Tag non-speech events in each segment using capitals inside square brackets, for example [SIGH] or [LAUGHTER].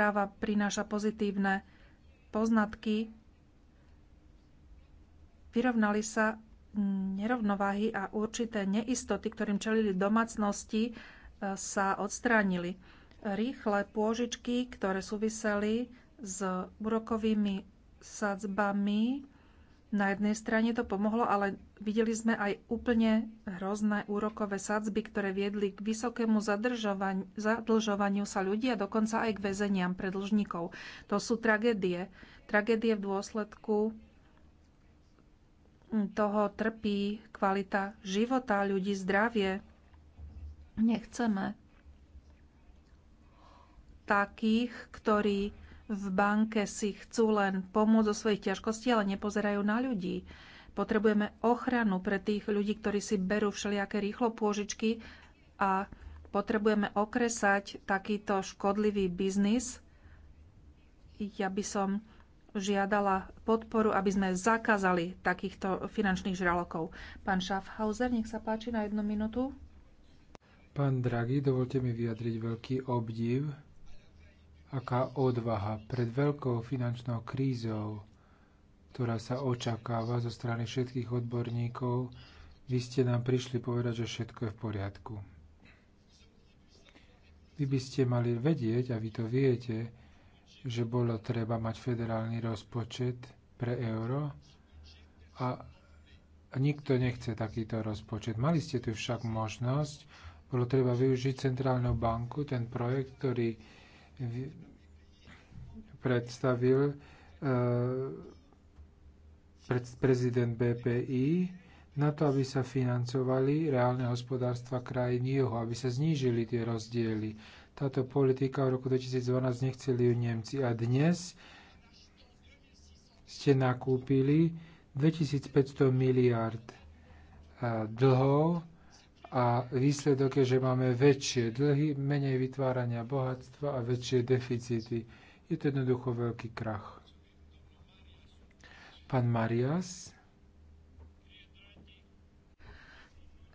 správa prináša pozitívne poznatky. Vyrovnali sa nerovnováhy a určité neistoty, ktorým čelili domácnosti, e, sa odstránili. Rýchle pôžičky, ktoré súviseli s úrokovými sadzbami, na jednej strane to pomohlo, ale Videli sme aj úplne hrozné úrokové sadzby, ktoré viedli k vysokému zadlžovaniu sa ľudí a dokonca aj k väzeniam pre dlžníkov. To sú tragédie. Tragédie v dôsledku toho trpí kvalita života ľudí, zdravie. Nechceme takých, ktorí v banke si chcú len pomôcť zo svojich ťažkostí, ale nepozerajú na ľudí. Potrebujeme ochranu pre tých ľudí, ktorí si berú všelijaké rýchlo pôžičky a potrebujeme okresať takýto škodlivý biznis. Ja by som žiadala podporu, aby sme zakázali takýchto finančných žralokov. Pán Schaffhauser, nech sa páči na jednu minútu. Pán Draghi, dovolte mi vyjadriť veľký obdiv, aká odvaha pred veľkou finančnou krízou ktorá sa očakáva zo strany všetkých odborníkov. Vy ste nám prišli povedať, že všetko je v poriadku. Vy by ste mali vedieť, a vy to viete, že bolo treba mať federálny rozpočet pre euro a nikto nechce takýto rozpočet. Mali ste tu však možnosť, bolo treba využiť centrálnu banku, ten projekt, ktorý predstavil eh, prezident BPI, na to, aby sa financovali reálne hospodárstva krajín juhu, aby sa znížili tie rozdiely. Táto politika v roku 2012 nechceli ju Nemci a dnes ste nakúpili 2500 miliard e, dlhov a výsledok je, že máme väčšie dlhy, menej vytvárania bohatstva a väčšie deficity. Je to jednoducho veľký krach. Pán Marias.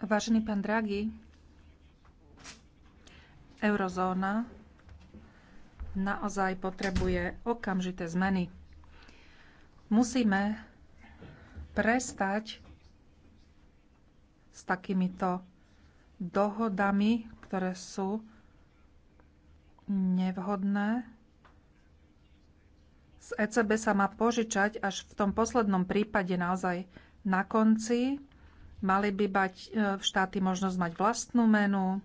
Vážený pán Draghi, eurozóna naozaj potrebuje okamžité zmeny. Musíme prestať s takýmito dohodami, ktoré sú nevhodné z ECB sa má požičať až v tom poslednom prípade naozaj na konci. Mali by mať e, štáty možnosť mať vlastnú menu,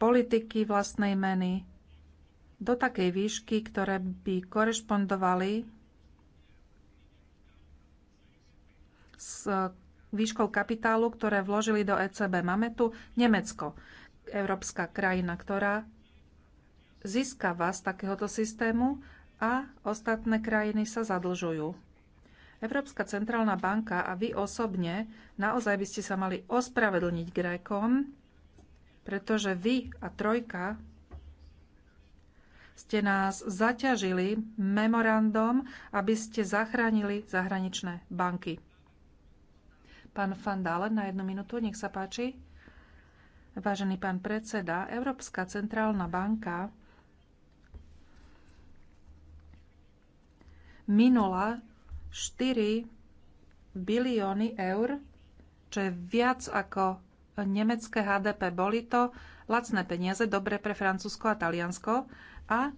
politiky vlastnej meny do takej výšky, ktoré by korešpondovali s e, výškou kapitálu, ktoré vložili do ECB. Máme tu Nemecko, európska krajina, ktorá získava z takéhoto systému a ostatné krajiny sa zadlžujú. Európska centrálna banka a vy osobne naozaj by ste sa mali ospravedlniť Grékom, pretože vy a Trojka ste nás zaťažili memorandom, aby ste zachránili zahraničné banky. Pán Van Dalen na jednu minútu, nech sa páči. Vážený pán predseda, Európska centrálna banka minula 4 bilióny eur, čo je viac ako nemecké HDP. Boli to lacné peniaze, dobre pre Francúzsko a Taliansko a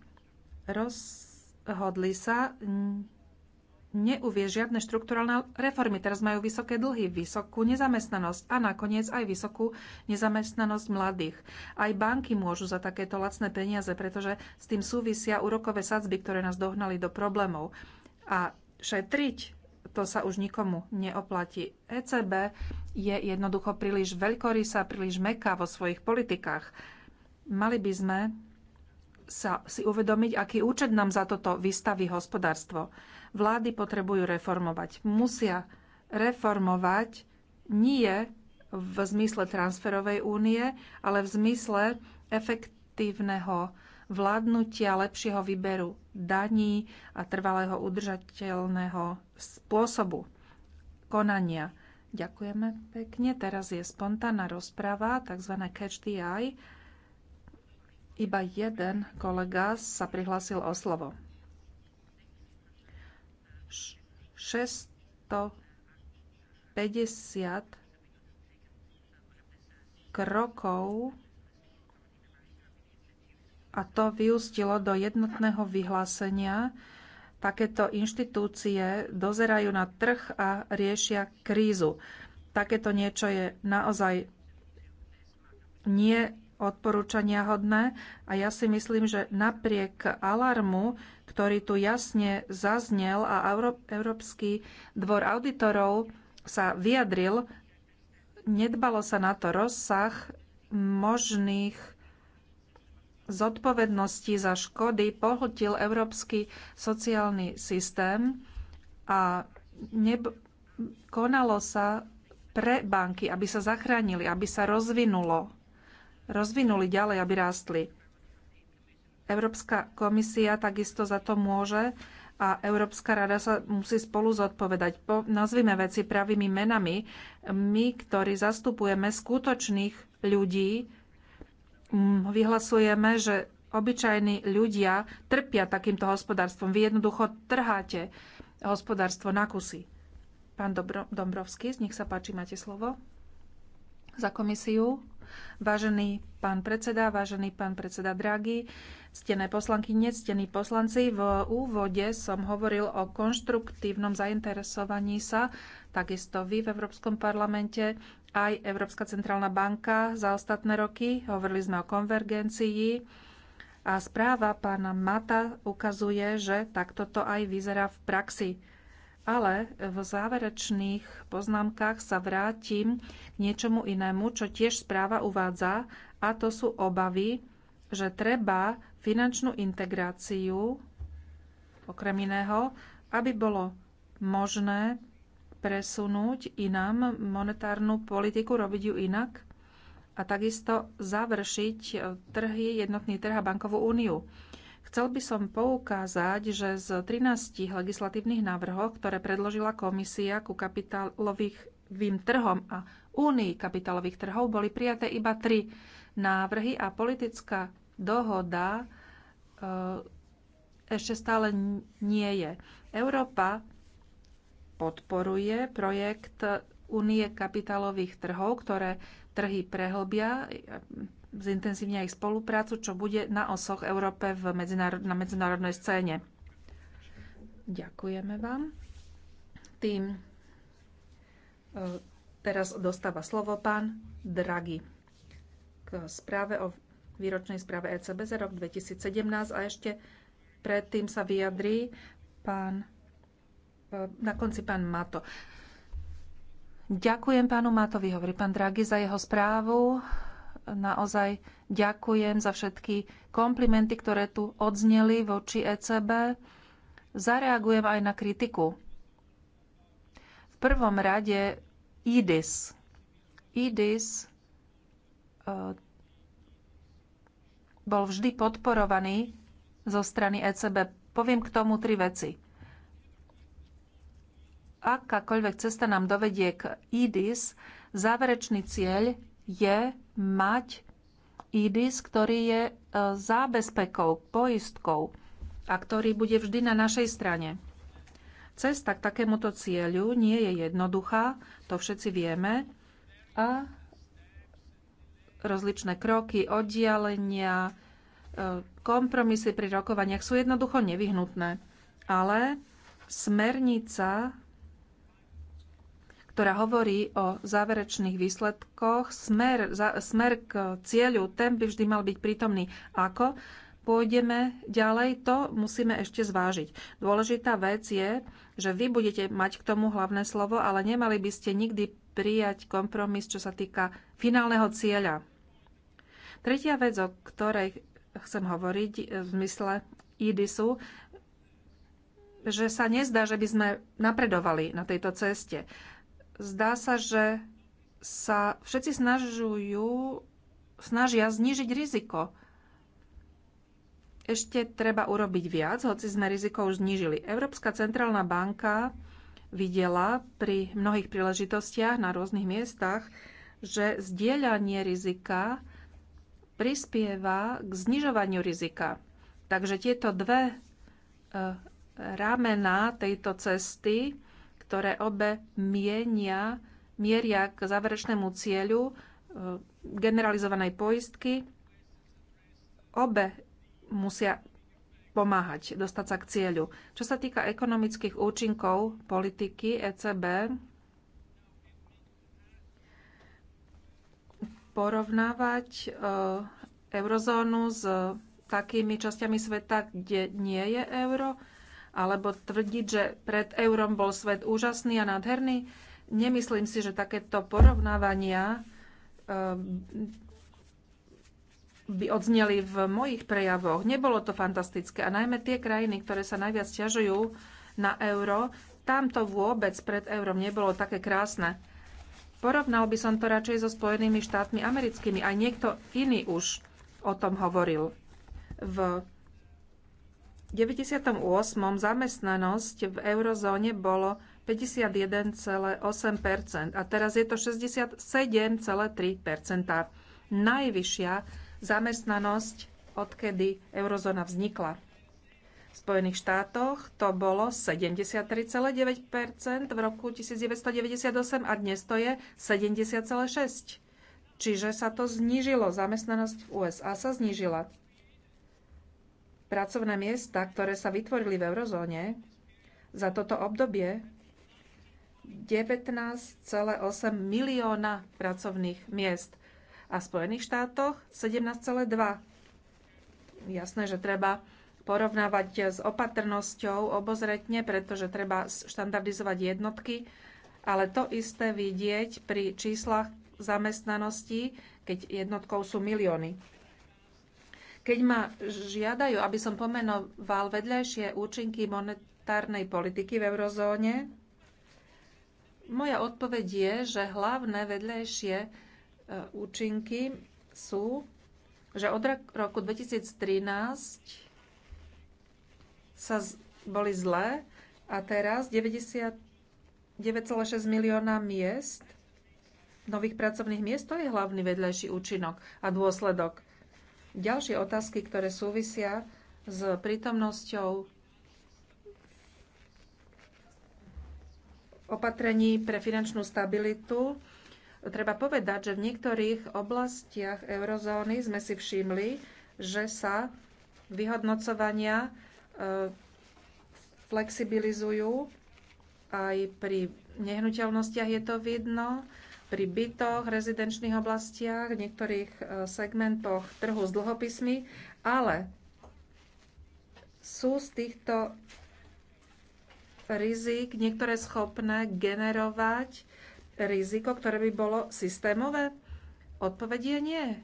rozhodli sa neuvie žiadne štrukturálne reformy. Teraz majú vysoké dlhy, vysokú nezamestnanosť a nakoniec aj vysokú nezamestnanosť mladých. Aj banky môžu za takéto lacné peniaze, pretože s tým súvisia úrokové sadzby, ktoré nás dohnali do problémov a šetriť, to sa už nikomu neoplatí. ECB je jednoducho príliš veľkorysá, príliš meká vo svojich politikách. Mali by sme sa si uvedomiť, aký účet nám za toto vystaví hospodárstvo. Vlády potrebujú reformovať. Musia reformovať nie v zmysle transferovej únie, ale v zmysle efektívneho vládnutia, lepšieho výberu daní a trvalého udržateľného spôsobu konania. Ďakujeme pekne. Teraz je spontánna rozprava, tzv. catch the eye. Iba jeden kolega sa prihlásil o slovo. 650 krokov a to vyústilo do jednotného vyhlásenia. Takéto inštitúcie dozerajú na trh a riešia krízu. Takéto niečo je naozaj nie odporúčania hodné a ja si myslím, že napriek alarmu, ktorý tu jasne zaznel a Európsky dvor auditorov sa vyjadril, nedbalo sa na to rozsah možných zodpovednosti za škody pohltil európsky sociálny systém a neb- konalo sa pre banky, aby sa zachránili, aby sa rozvinulo, rozvinuli ďalej, aby rástli. Európska komisia takisto za to môže a Európska rada sa musí spolu zodpovedať. Po, nazvime veci pravými menami. My, ktorí zastupujeme skutočných ľudí, Mm, vyhlasujeme, že obyčajní ľudia trpia takýmto hospodárstvom. Vy jednoducho trháte hospodárstvo na kusy. Pán Dobro, Dombrovský, nech sa páči, máte slovo za komisiu. Vážený pán predseda, vážený pán predseda Draghi, ctené poslanky, nectení poslanci, v úvode som hovoril o konštruktívnom zainteresovaní sa, takisto vy v Európskom parlamente, aj Európska centrálna banka za ostatné roky. Hovorili sme o konvergencii a správa pána Mata ukazuje, že takto to aj vyzerá v praxi. Ale v záverečných poznámkach sa vrátim k niečomu inému, čo tiež správa uvádza, a to sú obavy, že treba finančnú integráciu, okrem iného, aby bolo možné presunúť inám monetárnu politiku, robiť ju inak a takisto završiť eh, trhy, jednotný trh a bankovú úniu. Chcel by som poukázať, že z 13 legislatívnych návrhov, ktoré predložila komisia ku kapitálovým trhom a únii kapitálových trhov, boli prijaté iba tri návrhy a politická dohoda e, ešte stále nie je. Európa podporuje projekt únie kapitálových trhov, ktoré trhy prehlbia, zintenzívnia ich spoluprácu, čo bude na osoch Európe v medzinárod- na medzinárodnej scéne. Ďakujeme vám. Tým e, teraz dostáva slovo pán Draghi k správe o výročnej správe ECB za rok 2017 a ešte predtým sa vyjadrí pán, e, na konci pán Mato. Ďakujem pánu Matovi, hovorí pán Draghi, za jeho správu naozaj ďakujem za všetky komplimenty, ktoré tu odzneli voči ECB. Zareagujem aj na kritiku. V prvom rade IDIS. IDIS e, bol vždy podporovaný zo strany ECB. Poviem k tomu tri veci. Akákoľvek cesta nám dovedie k IDIS, záverečný cieľ je mať IDIS, ktorý je e, zábezpekou, poistkou a ktorý bude vždy na našej strane. Cesta k takémuto cieľu nie je jednoduchá, to všetci vieme, a rozličné kroky, oddialenia, e, kompromisy pri rokovaniach sú jednoducho nevyhnutné. Ale smernica ktorá hovorí o záverečných výsledkoch, smer, za, smer k cieľu, ten by vždy mal byť prítomný. Ako pôjdeme ďalej, to musíme ešte zvážiť. Dôležitá vec je, že vy budete mať k tomu hlavné slovo, ale nemali by ste nikdy prijať kompromis, čo sa týka finálneho cieľa. Tretia vec, o ktorej chcem hovoriť v zmysle IDISu, že sa nezdá, že by sme napredovali na tejto ceste zdá sa, že sa všetci snažujú, snažia znížiť riziko. Ešte treba urobiť viac, hoci sme riziko už znížili. Európska centrálna banka videla pri mnohých príležitostiach na rôznych miestach, že zdieľanie rizika prispieva k znižovaniu rizika. Takže tieto dve eh, ramena tejto cesty ktoré obe mienia, mieria k záverečnému cieľu e, generalizovanej poistky. Obe musia pomáhať dostať sa k cieľu. Čo sa týka ekonomických účinkov politiky ECB, porovnávať e, eurozónu s takými časťami sveta, kde nie je euro, alebo tvrdiť, že pred eurom bol svet úžasný a nádherný. Nemyslím si, že takéto porovnávania ehm, by odzneli v mojich prejavoch. Nebolo to fantastické. A najmä tie krajiny, ktoré sa najviac ťažujú na euro, tam to vôbec pred eurom nebolo také krásne. Porovnal by som to radšej so Spojenými štátmi americkými. Aj niekto iný už o tom hovoril v 98. zamestnanosť v eurozóne bolo 51,8 a teraz je to 67,3 Najvyššia zamestnanosť, odkedy eurozóna vznikla. V Spojených štátoch to bolo 73,9 v roku 1998 a dnes to je 70,6 Čiže sa to znížilo. Zamestnanosť v USA sa znížila pracovné miesta, ktoré sa vytvorili v eurozóne za toto obdobie, 19,8 milióna pracovných miest a v Spojených štátoch 17,2. Jasné, že treba porovnávať s opatrnosťou obozretne, pretože treba štandardizovať jednotky, ale to isté vidieť pri číslach zamestnanosti, keď jednotkou sú milióny. Keď ma žiadajú, aby som pomenoval vedľajšie účinky monetárnej politiky v eurozóne, moja odpoveď je, že hlavné vedľajšie e, účinky sú, že od roku 2013 sa boli zlé a teraz 99,6 milióna miest nových pracovných miest, to je hlavný vedľajší účinok a dôsledok. Ďalšie otázky, ktoré súvisia s prítomnosťou opatrení pre finančnú stabilitu. Treba povedať, že v niektorých oblastiach eurozóny sme si všimli, že sa vyhodnocovania e, flexibilizujú. Aj pri nehnuteľnostiach je to vidno pri bytoch, rezidenčných oblastiach, v niektorých e, segmentoch trhu s dlhopismi, ale sú z týchto rizik niektoré schopné generovať riziko, ktoré by bolo systémové? Odpovedie nie.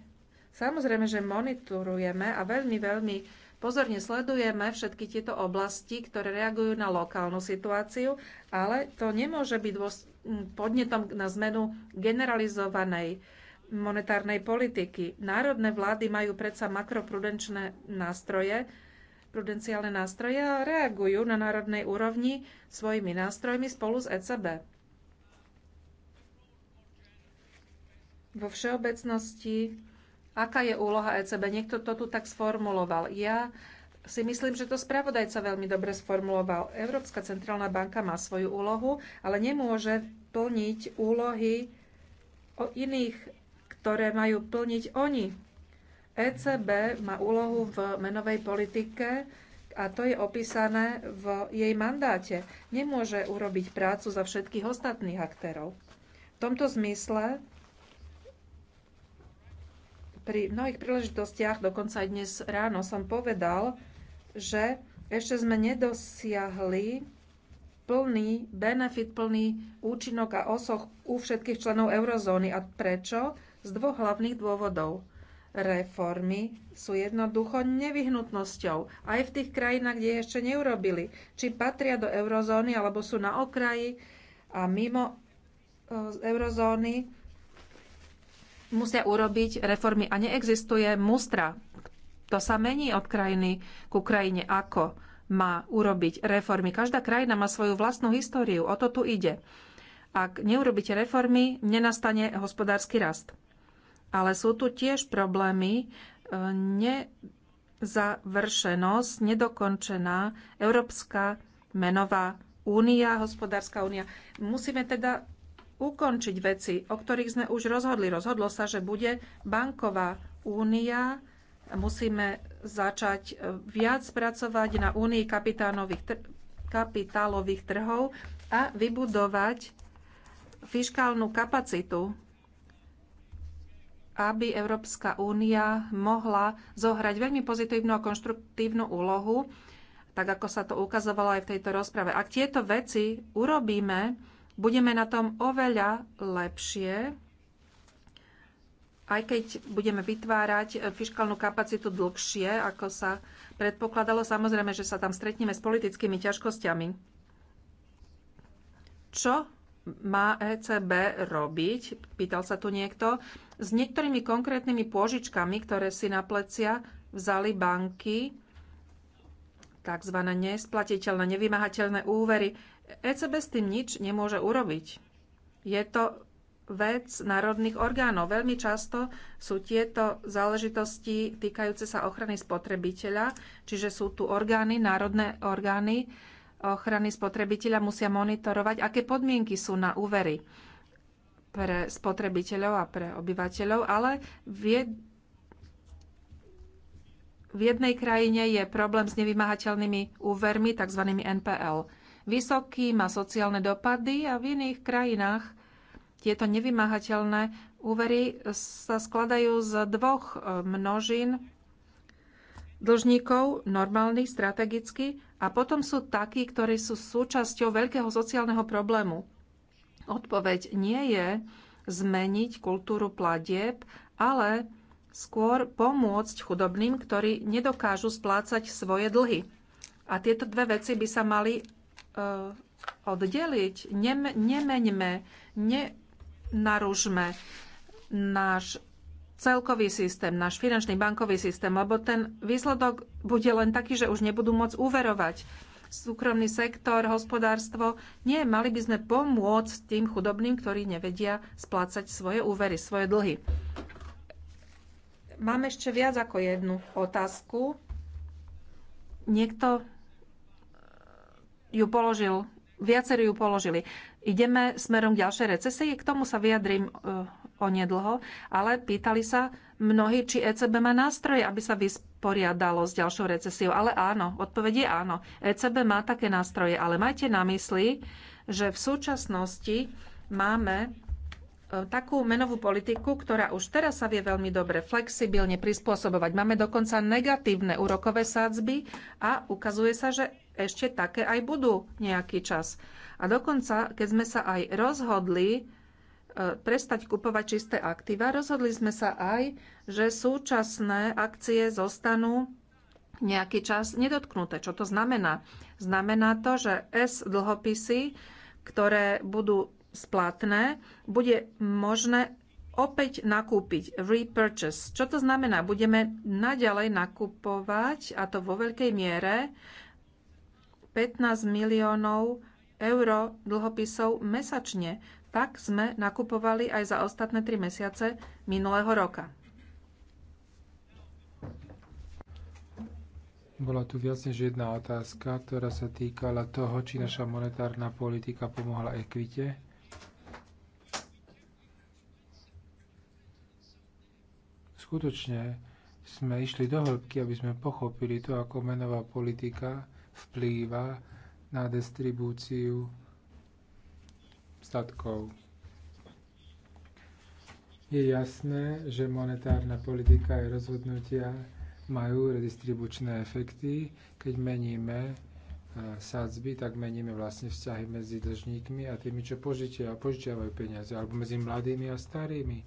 Samozrejme, že monitorujeme a veľmi, veľmi pozorne sledujeme všetky tieto oblasti, ktoré reagujú na lokálnu situáciu, ale to nemôže byť podnetom na zmenu generalizovanej monetárnej politiky. Národné vlády majú predsa makroprudenčné nástroje, prudenciálne nástroje a reagujú na národnej úrovni svojimi nástrojmi spolu s ECB. Vo všeobecnosti, aká je úloha ECB? Niekto to tu tak sformuloval. Ja si myslím, že to spravodajca veľmi dobre sformuloval. Európska centrálna banka má svoju úlohu, ale nemôže plniť úlohy o iných, ktoré majú plniť oni. ECB má úlohu v menovej politike a to je opísané v jej mandáte. Nemôže urobiť prácu za všetkých ostatných aktérov. V tomto zmysle pri mnohých príležitostiach, dokonca aj dnes ráno som povedal, že ešte sme nedosiahli plný benefit, plný účinok a osoch u všetkých členov eurozóny. A prečo? Z dvoch hlavných dôvodov. Reformy sú jednoducho nevyhnutnosťou, aj v tých krajinách, kde ešte neurobili. Či patria do eurozóny, alebo sú na okraji a mimo e, eurozóny, musia urobiť reformy. A neexistuje mustra, to sa mení od krajiny ku krajine ako má urobiť reformy. Každá krajina má svoju vlastnú históriu, o to tu ide. Ak neurobíte reformy, nenastane hospodársky rast. Ale sú tu tiež problémy, e, nezavršenosť, nedokončená Európska menová únia, hospodárska únia. Musíme teda ukončiť veci, o ktorých sme už rozhodli. Rozhodlo sa, že bude banková únia, Musíme začať e, viac pracovať na únii tr kapitálových trhov a vybudovať fiškálnu kapacitu, aby Európska únia mohla zohrať veľmi pozitívnu a konštruktívnu úlohu, tak ako sa to ukazovalo aj v tejto rozprave. Ak tieto veci urobíme, budeme na tom oveľa lepšie aj keď budeme vytvárať eh, fiskálnu kapacitu dlhšie, ako sa predpokladalo, samozrejme, že sa tam stretneme s politickými ťažkosťami. Čo má ECB robiť? Pýtal sa tu niekto. S niektorými konkrétnymi pôžičkami, ktoré si na plecia vzali banky, tzv. nesplatiteľné, nevymahateľné úvery, ECB s tým nič nemôže urobiť. Je to vec národných orgánov. Veľmi často sú tieto záležitosti týkajúce sa ochrany spotrebiteľa, čiže sú tu orgány, národné orgány ochrany spotrebiteľa musia monitorovať, aké podmienky sú na úvery pre spotrebiteľov a pre obyvateľov, ale v, v jednej krajine je problém s nevymahateľnými úvermi, tzv. NPL. Vysoký má sociálne dopady a v iných krajinách tieto nevymáhateľné úvery sa skladajú z dvoch e, množín dlžníkov, normálnych, strategicky, a potom sú takí, ktorí sú súčasťou veľkého sociálneho problému. Odpoveď nie je zmeniť kultúru platieb, ale skôr pomôcť chudobným, ktorí nedokážu splácať svoje dlhy. A tieto dve veci by sa mali uh, oddeliť. Nem, nemeňme, ne, narúžme náš celkový systém, náš finančný bankový systém, lebo ten výsledok bude len taký, že už nebudú môcť úverovať. Súkromný sektor, hospodárstvo. Nie, mali by sme pomôcť tým chudobným, ktorí nevedia splácať svoje úvery, svoje dlhy. Mám ešte viac ako jednu otázku. Niekto ju položil, viacerí ju položili ideme smerom k ďalšej recesii. K tomu sa vyjadrím e, onedlho, ale pýtali sa mnohí, či ECB má nástroje, aby sa vysporiadalo s ďalšou recesiou. Ale áno, odpovedie je áno. ECB má také nástroje, ale majte na mysli, že v súčasnosti máme e, takú menovú politiku, ktorá už teraz sa vie veľmi dobre flexibilne prispôsobovať. Máme dokonca negatívne úrokové sádzby a ukazuje sa, že ešte také aj budú nejaký čas. A dokonca, keď sme sa aj rozhodli e, prestať kupovať čisté aktíva, rozhodli sme sa aj, že súčasné akcie zostanú nejaký čas nedotknuté. Čo to znamená? Znamená to, že S dlhopisy, ktoré budú splatné, bude možné opäť nakúpiť, repurchase. Čo to znamená? Budeme naďalej nakupovať, a to vo veľkej miere, 15 miliónov euro dlhopisov mesačne. Tak sme nakupovali aj za ostatné 3 mesiace minulého roka. Bola tu viac než jedna otázka, ktorá sa týkala toho, či naša monetárna politika pomohla ekvite. Skutočne sme išli do hĺbky, aby sme pochopili to, ako menová politika vplýva na distribúciu statkov. Je jasné, že monetárna politika a rozhodnutia majú redistribučné efekty. Keď meníme eh, sadzby, tak meníme vlastne vzťahy medzi dlžníkmi a tými, čo požičia, požičiavajú peniaze, alebo medzi mladými a starými.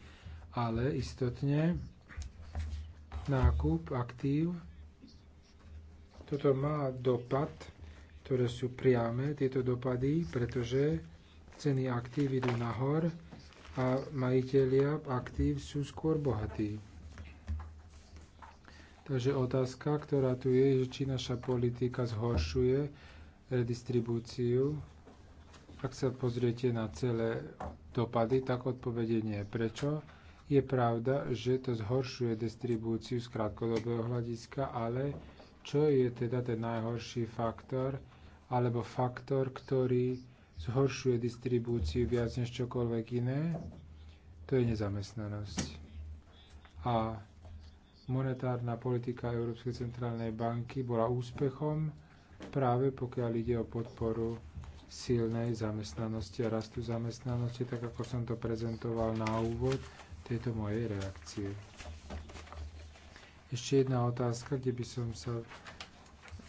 Ale istotne nákup aktív, toto má dopad ktoré sú priame, tieto dopady, pretože ceny aktív idú nahor a majiteľia aktív sú skôr bohatí. Takže otázka, ktorá tu je, je, či naša politika zhoršuje redistribúciu. Ak sa pozriete na celé dopady, tak odpovede nie. Prečo? Je pravda, že to zhoršuje distribúciu z krátkodobého hľadiska, ale čo je teda ten najhorší faktor? alebo faktor, ktorý zhoršuje distribúciu viac než čokoľvek iné, to je nezamestnanosť. A monetárna politika Európskej centrálnej banky bola úspechom práve pokiaľ ide o podporu silnej zamestnanosti a rastu zamestnanosti, tak ako som to prezentoval na úvod tejto mojej reakcie. Ešte jedna otázka, kde by som sa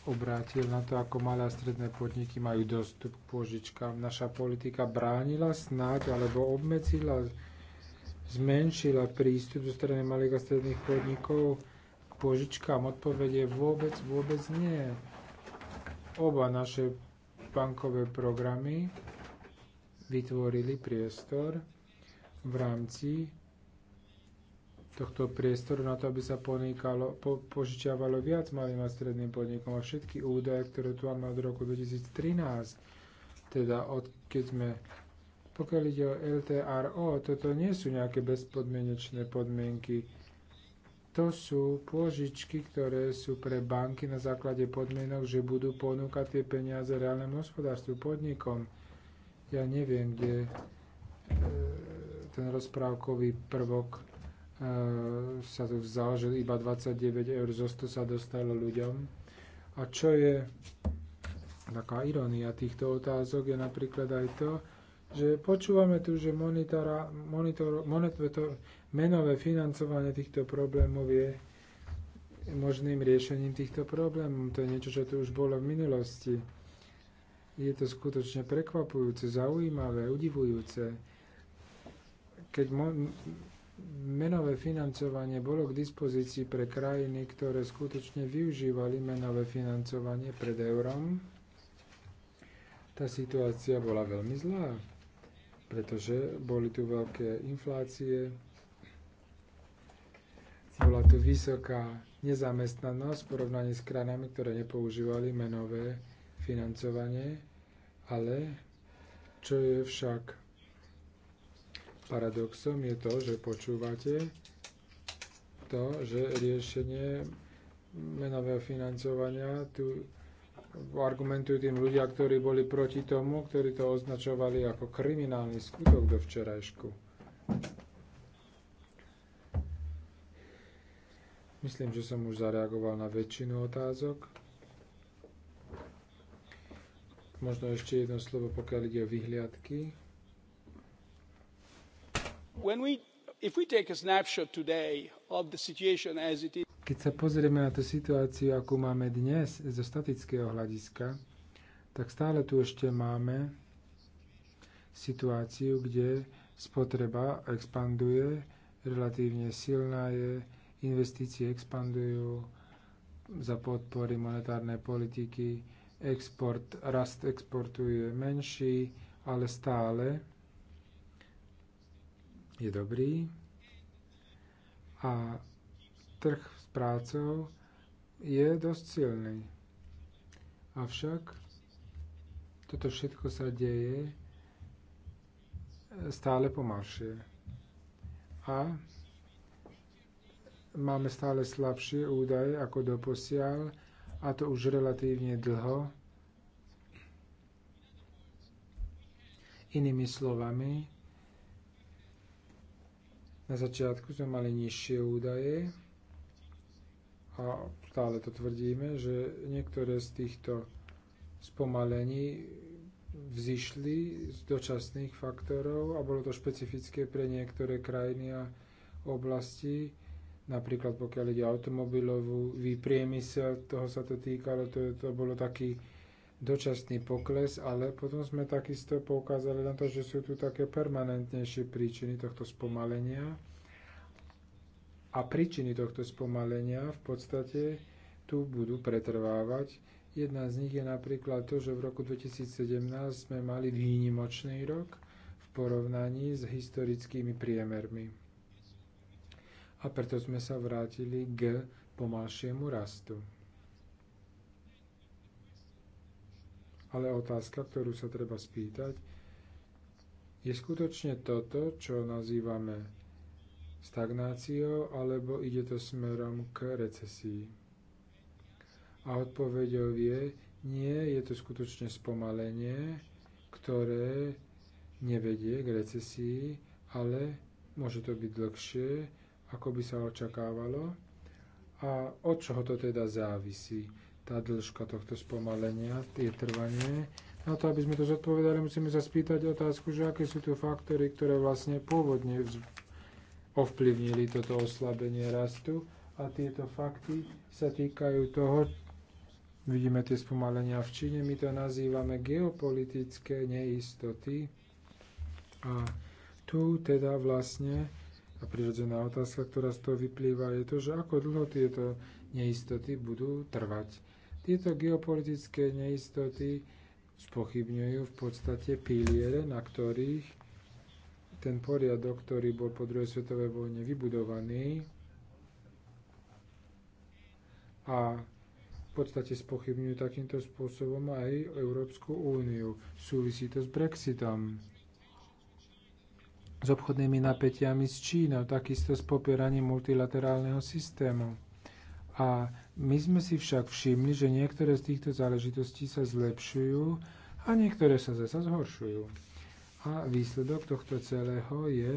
obrátil na to, ako malé a stredné podniky majú dostup k pôžičkám. Naša politika bránila snáď alebo obmedzila, zmenšila prístup zo strany malých a stredných podnikov k pôžičkám. Odpovede vôbec, vôbec nie. Oba naše bankové programy vytvorili priestor v rámci tohto priestoru na to, aby sa poníkalo, po, požičiavalo viac malým a stredným podnikom. A všetky údaje, ktoré tu máme od roku 2013, teda od, keď sme, pokiaľ ide o LTRO, toto nie sú nejaké bezpodmienečné podmienky. To sú pôžičky, ktoré sú pre banky na základe podmienok, že budú ponúkať tie peniaze reálnemu hospodárstvu, podnikom. Ja neviem, kde e, ten rozprávkový prvok sa tu vzal, že iba 29 eur zo 100 sa dostalo ľuďom. A čo je taká ironia týchto otázok je napríklad aj to, že počúvame tu, že monitora, monitor, monitor, menové financovanie týchto problémov je možným riešením týchto problémov. To je niečo, čo tu už bolo v minulosti. Je to skutočne prekvapujúce, zaujímavé, udivujúce. Keď menové financovanie bolo k dispozícii pre krajiny, ktoré skutočne využívali menové financovanie pred eurom, tá situácia bola veľmi zlá, pretože boli tu veľké inflácie, bola tu vysoká nezamestnanosť v porovnaní s krajinami, ktoré nepoužívali menové financovanie, ale čo je však Paradoxom je to, že počúvate to, že riešenie menového financovania tu argumentujú tým ľudia, ktorí boli proti tomu, ktorí to označovali ako kriminálny skutok do včerajšku. Myslím, že som už zareagoval na väčšinu otázok. Možno ešte jedno slovo, pokiaľ ide o vyhliadky. Keď sa pozrieme na tú situáciu, akú máme dnes zo statického hľadiska, tak stále tu ešte máme situáciu, kde spotreba expanduje, relatívne silná je, investície expandujú za podpory monetárnej politiky, export, rast exportu je menší, ale stále je dobrý a trh s prácou je dosť silný. Avšak toto všetko sa deje stále pomalšie. A máme stále slabšie údaje ako doposiaľ a to už relatívne dlho. Inými slovami, na začiatku sme mali nižšie údaje a stále to tvrdíme, že niektoré z týchto spomalení vzýšli z dočasných faktorov a bolo to špecifické pre niektoré krajiny a oblasti, napríklad pokiaľ ide automobilový priemysel, toho sa to týkalo, to, to bolo taký dočasný pokles, ale potom sme takisto poukázali na to, že sú tu také permanentnejšie príčiny tohto spomalenia. A príčiny tohto spomalenia v podstate tu budú pretrvávať. Jedna z nich je napríklad to, že v roku 2017 sme mali výnimočný rok v porovnaní s historickými priemermi. A preto sme sa vrátili k pomalšiemu rastu. Ale otázka, ktorú sa treba spýtať, je skutočne toto, čo nazývame stagnáciou, alebo ide to smerom k recesii? A odpovedou je, nie, je to skutočne spomalenie, ktoré nevedie k recesii, ale môže to byť dlhšie, ako by sa očakávalo. A od čoho to teda závisí? tá dĺžka tohto spomalenia, tie trvanie. Na to, aby sme to zodpovedali, musíme sa spýtať otázku, že aké sú tu faktory, ktoré vlastne pôvodne ovplyvnili toto oslabenie rastu. A tieto fakty sa týkajú toho, vidíme tie spomalenia v Číne, my to nazývame geopolitické neistoty. A tu teda vlastne a prirodzená otázka, ktorá z toho vyplýva, je to, že ako dlho tieto neistoty budú trvať tieto geopolitické neistoty spochybňujú v podstate piliere, na ktorých ten poriadok, ktorý bol po druhej svetovej vojne vybudovaný a v podstate spochybňujú takýmto spôsobom aj Európsku úniu. Súvisí to s Brexitom, s obchodnými napätiami s Čínou, takisto s popieraním multilaterálneho systému. A my sme si však všimli, že niektoré z týchto záležitostí sa zlepšujú a niektoré sa zase zhoršujú. A výsledok tohto celého je,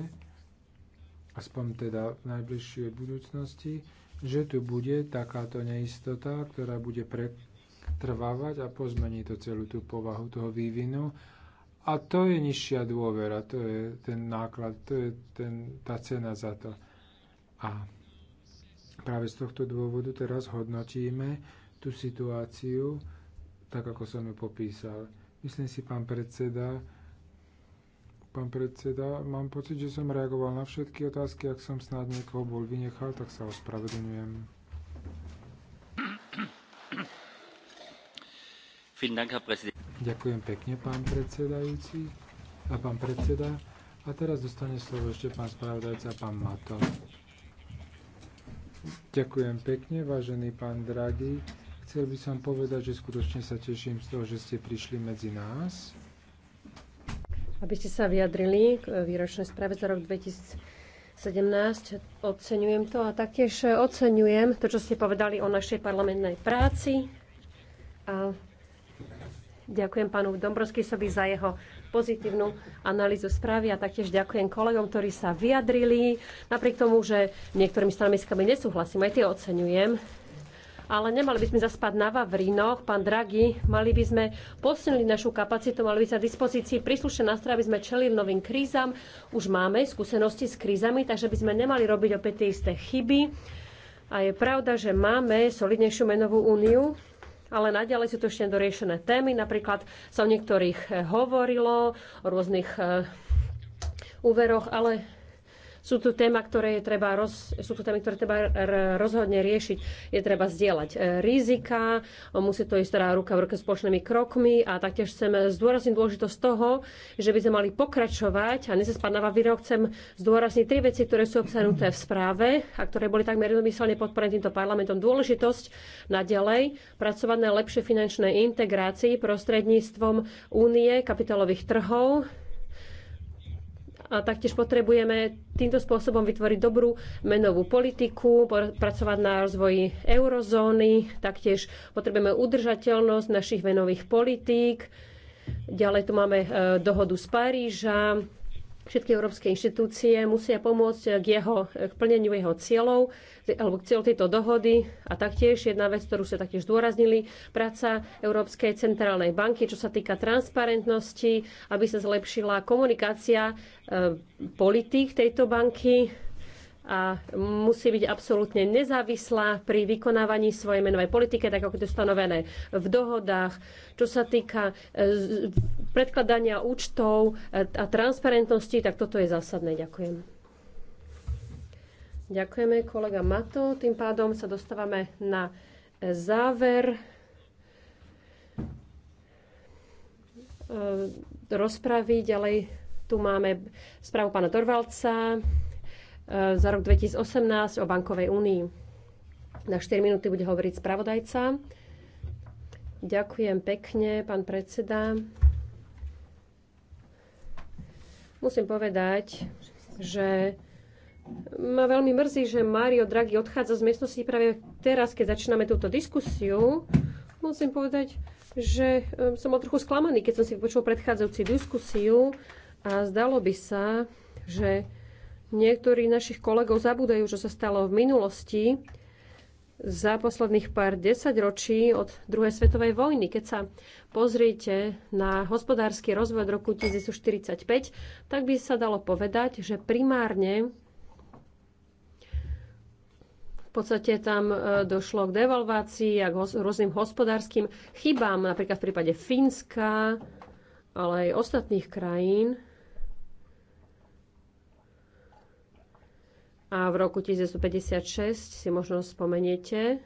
aspoň teda v najbližšej budúcnosti, že tu bude takáto neistota, ktorá bude pretrvávať a pozmení to celú tú povahu toho vývinu. A to je nižšia dôvera, to je ten náklad, to je ten, tá cena za to. A Práve z tohto dôvodu teraz hodnotíme tú situáciu, tak ako som ju popísal. Myslím si, pán predseda, pán predseda, mám pocit, že som reagoval na všetky otázky. Ak som snad niekoho bol vynechal, tak sa ospravedlňujem. Ďakujem pekne, pán predsedajúci a pán predseda. A teraz dostane slovo ešte pán spravodajca, pán Mato. Ďakujem pekne, vážený pán Draghi. Chcel by som povedať, že skutočne sa teším z toho, že ste prišli medzi nás. Aby ste sa vyjadrili k výročnej správe za rok 2017, oceňujem to a taktiež oceňujem to, čo ste povedali o našej parlamentnej práci. A ďakujem pánu Dombrovskisovi za jeho pozitívnu analýzu správy a taktiež ďakujem kolegom, ktorí sa vyjadrili. Napriek tomu, že niektorými stanoviskami nesúhlasím, aj tie oceňujem, ale nemali by sme zaspať na Vavrinoch, pán Draghi, mali by sme posilniť našu kapacitu, mali by sa dispozícii príslušné nástroje, aby sme čelili novým krízam. Už máme skúsenosti s krízami, takže by sme nemali robiť opäť tie isté chyby. A je pravda, že máme solidnejšiu menovú úniu, ale naďalej sú to ešte doriešené témy. Napríklad sa o niektorých eh, hovorilo, o rôznych eh, úveroch, ale sú tu, téma, ktoré je treba roz, sú tu témy, ktoré treba rozhodne riešiť. Je treba zdieľať e, rizika, musí to ísť teda ruka v ruke s pošnými krokmi a taktiež chcem zdôrazniť dôležitosť toho, že by sme mali pokračovať a nezaspať na vavíro, chcem zdôrazniť tri veci, ktoré sú obsahnuté v správe a ktoré boli takmer jednomyselne podporené týmto parlamentom. Dôležitosť naďalej pracovať na lepšej finančnej integrácii prostredníctvom únie kapitálových trhov, a taktiež potrebujeme týmto spôsobom vytvoriť dobrú menovú politiku, pracovať na rozvoji eurozóny, taktiež potrebujeme udržateľnosť našich menových politík. Ďalej tu máme e, dohodu z Paríža, Všetky európske inštitúcie musia pomôcť k, jeho, k plneniu jeho cieľov alebo k cieľu tejto dohody. A taktiež jedna vec, ktorú sa taktiež zdôraznili, práca Európskej centrálnej banky, čo sa týka transparentnosti, aby sa zlepšila komunikácia eh, politik tejto banky a musí byť absolútne nezávislá pri vykonávaní svojej menovej politike, tak ako je to stanovené v dohodách. Čo sa týka e, predkladania účtov e, a transparentnosti, tak toto je zásadné. Ďakujem. Ďakujeme, kolega Mato. Tým pádom sa dostávame na e, záver rozpravy. Ďalej tu máme správu pána Torvalca za rok 2018 o bankovej únii. Na 4 minúty bude hovoriť spravodajca. Ďakujem pekne, pán predseda. Musím povedať, že ma veľmi mrzí, že Mario Draghi odchádza z miestnosti práve teraz, keď začíname túto diskusiu. Musím povedať, že eh, som bol trochu sklamaný, keď som si počul predchádzajúci diskusiu a zdalo by sa, že Niektorí našich kolegov zabúdajú, čo sa stalo v minulosti za posledných pár desaťročí od druhej svetovej vojny. Keď sa pozriete na hospodársky rozvoj od roku 1945, tak by sa dalo povedať, že primárne v podstate tam e, došlo k devalvácii a k rôznym hospodárskym chybám, napríklad v prípade Fínska, ale aj ostatných krajín. A v roku 1956 si možno spomeniete,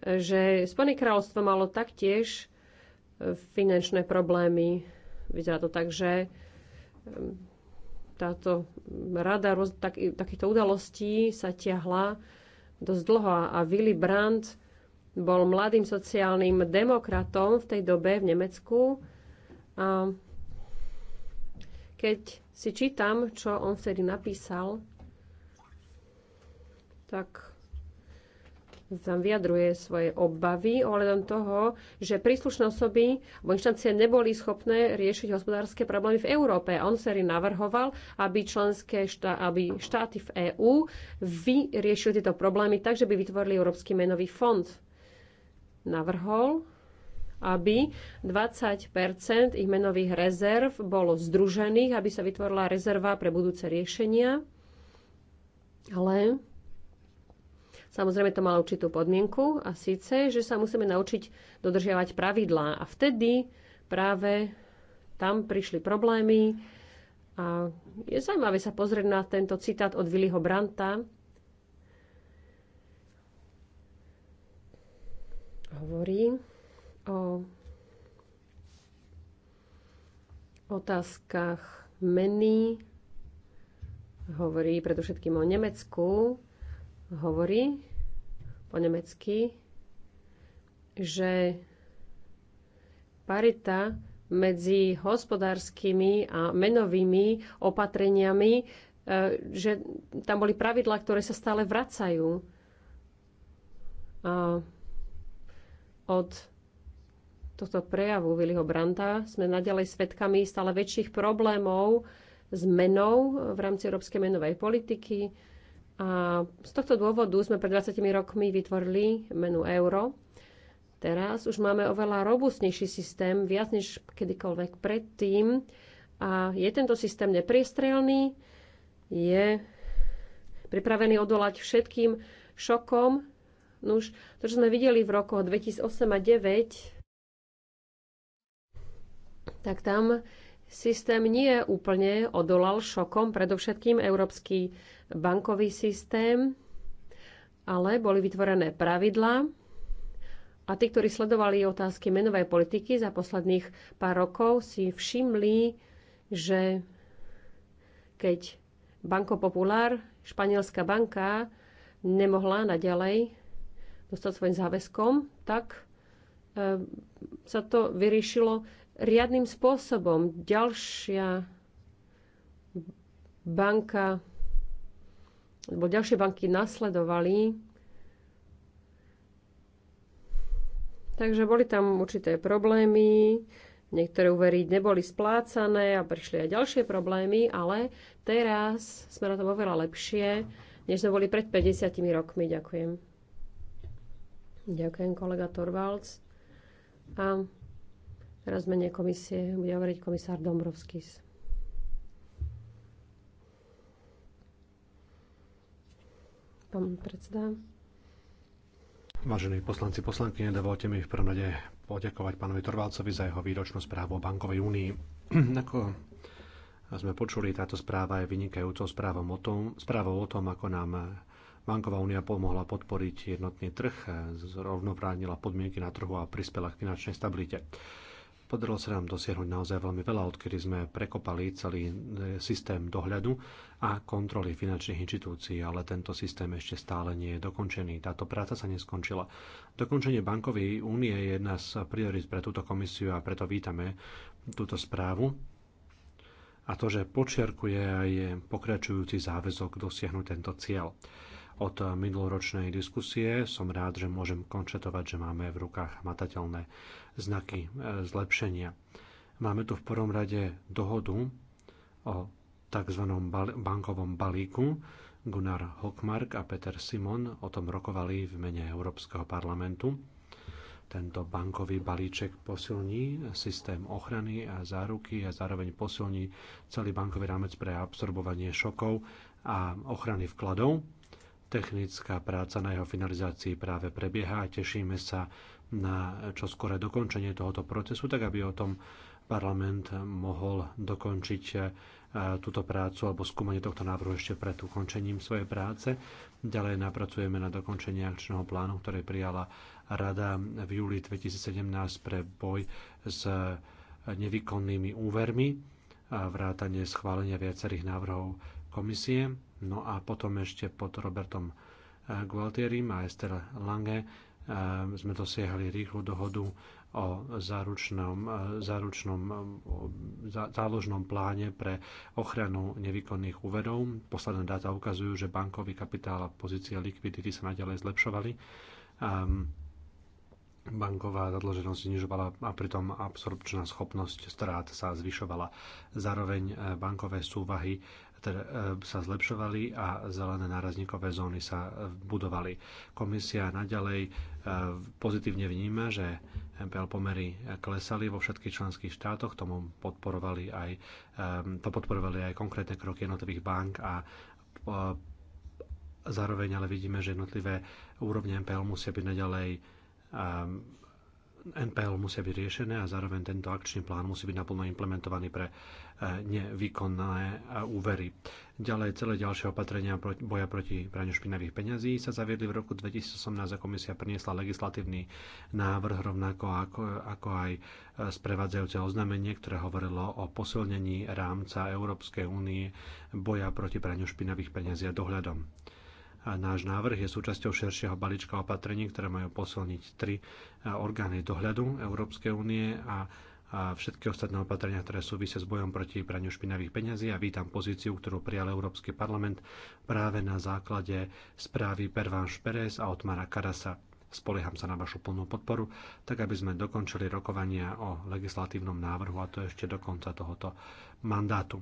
že Spojené kráľovstvo malo taktiež e, finančné problémy. Vyzerá to tak, že táto rada tak, takýchto udalostí sa tiahla dosť dlho a Willy Brandt bol mladým sociálnym demokratom v tej dobe v Nemecku a keď si čítam, čo on vtedy napísal, tak tam vyjadruje svoje obavy ohľadom toho, že príslušné osoby alebo inštancie neboli schopné riešiť hospodárske problémy v Európe. On vtedy navrhoval, aby, členské štá, aby štáty v EÚ vyriešili tieto problémy tak, že by vytvorili Európsky menový fond. Navrhol, aby 20 ich menových rezerv bolo združených, aby sa vytvorila rezerva pre budúce riešenia. Ale samozrejme to malo určitú podmienku a síce, že sa musíme naučiť dodržiavať pravidlá. A vtedy práve tam prišli problémy. A je zaujímavé sa pozrieť na tento citát od Viliho Branta, hovorí, o otázkach meny, hovorí predovšetkým o Nemecku, hovorí po nemecky, že parita medzi hospodárskymi a menovými opatreniami, e, že tam boli pravidlá, ktoré sa stále vracajú. A od tohto prejavu Viliho Branta sme naďalej svedkami stále väčších problémov s menou v rámci európskej menovej politiky. A z tohto dôvodu sme pred 20 rokmi vytvorili menu euro. Teraz už máme oveľa robustnejší systém, viac než kedykoľvek predtým. A je tento systém nepriestrelný, je pripravený odolať všetkým šokom. už to, čo sme videli v rokoch 2008 a 2009, tak tam systém nie úplne odolal šokom, predovšetkým európsky bankový systém, ale boli vytvorené pravidlá a tí, ktorí sledovali otázky menovej politiky za posledných pár rokov, si všimli, že keď Banco Popular, španielská banka, nemohla naďalej dostať svojim záväzkom, tak eh, sa to vyriešilo riadným spôsobom. Ďalšia banka, alebo ďalšie banky nasledovali. Takže boli tam určité problémy, niektoré úvery neboli splácané a prišli aj ďalšie problémy, ale teraz sme na tom oveľa lepšie, než sme boli pred 50 rokmi. Ďakujem. Ďakujem, kolega Torvalds. A Teraz mene komisie bude hovoriť komisár Dombrovskis. Pán predseda. Vážení poslanci, poslanky, dovolte mi v prvom rade poďakovať pánovi Torvalcovi za jeho výročnú správu o bankovej únii. [CLEARS THROAT] Ako sme počuli, táto správa je vynikajúcou správou o tom, správou o tom ako nám Banková únia pomohla podporiť jednotný trh, zrovnoprávnila podmienky na trhu a prispela k finančnej stabilite. Podarilo sa nám dosiahnuť naozaj veľmi veľa, odkedy sme prekopali celý e, systém dohľadu a kontroly finančných inštitúcií, ale tento systém ešte stále nie je dokončený. Táto práca sa neskončila. Dokončenie bankovej únie je jedna z priorit pre túto komisiu a preto vítame túto správu a to, že počiarkuje aj pokračujúci záväzok dosiahnuť tento cieľ od minuloročnej diskusie. Som rád, že môžem končetovať, že máme v rukách matateľné znaky e, zlepšenia. Máme tu v prvom rade dohodu o tzv. bankovom balíku. Gunnar Hockmark a Peter Simon o tom rokovali v mene Európskeho parlamentu. Tento bankový balíček posilní systém ochrany a záruky a zároveň posilní celý bankový rámec pre absorbovanie šokov a ochrany vkladov Technická práca na jeho finalizácii práve prebieha a tešíme sa na čoskoré dokončenie tohoto procesu, tak aby o tom parlament mohol dokončiť e, túto prácu alebo skúmanie tohto návrhu ešte pred ukončením svojej práce. Ďalej napracujeme na dokončenie akčného plánu, ktoré prijala Rada v júli 2017 pre boj s nevýkonnými úvermi a vrátanie schválenia viacerých návrhov komisie, no a potom ešte pod Robertom eh, Gualtierim a Ester Lange eh, sme dosiahli rýchlu dohodu o záručnom, eh, záručnom záložnom pláne pre ochranu nevýkonných úverov. Posledné dáta ukazujú, že bankový kapitál a pozícia likvidity sa naďalej zlepšovali. Ehm, banková zadloženosť znižovala a pritom absorpčná schopnosť strát sa zvyšovala. Zároveň bankové súvahy teda, e, sa zlepšovali a zelené nárazníkové zóny sa e, budovali. Komisia naďalej e, pozitívne vníma, že MPL pomery klesali vo všetkých členských štátoch, tomu podporovali aj, to podporovali aj konkrétne kroky jednotlivých bank a zároveň ale vidíme, že jednotlivé úrovne MPL musia byť naďalej NPL musia byť riešené a zároveň tento akčný plán musí byť naplno implementovaný pre nevykonané úvery. Ďalej celé ďalšie opatrenia boja proti praniu špinavých peňazí sa zaviedli v roku 2018 a komisia priniesla legislatívny návrh rovnako ako, ako aj e, sprevádzajúce oznámenie, ktoré hovorilo o posilnení rámca Európskej únie boja proti praniu špinavých peňazí a dohľadom. A náš návrh je súčasťou širšieho balíčka opatrení, ktoré majú posilniť tri e, orgány dohľadu Európskej únie a a všetky ostatné opatrenia, ktoré súvisia s bojom proti praniu špinavých peňazí a vítam pozíciu, ktorú prijal Európsky parlament práve na základe správy Pervan Šperes a Otmara Karasa. Spolieham sa na vašu plnú podporu, tak aby sme dokončili rokovania o legislatívnom návrhu a to ešte do konca tohoto mandátu.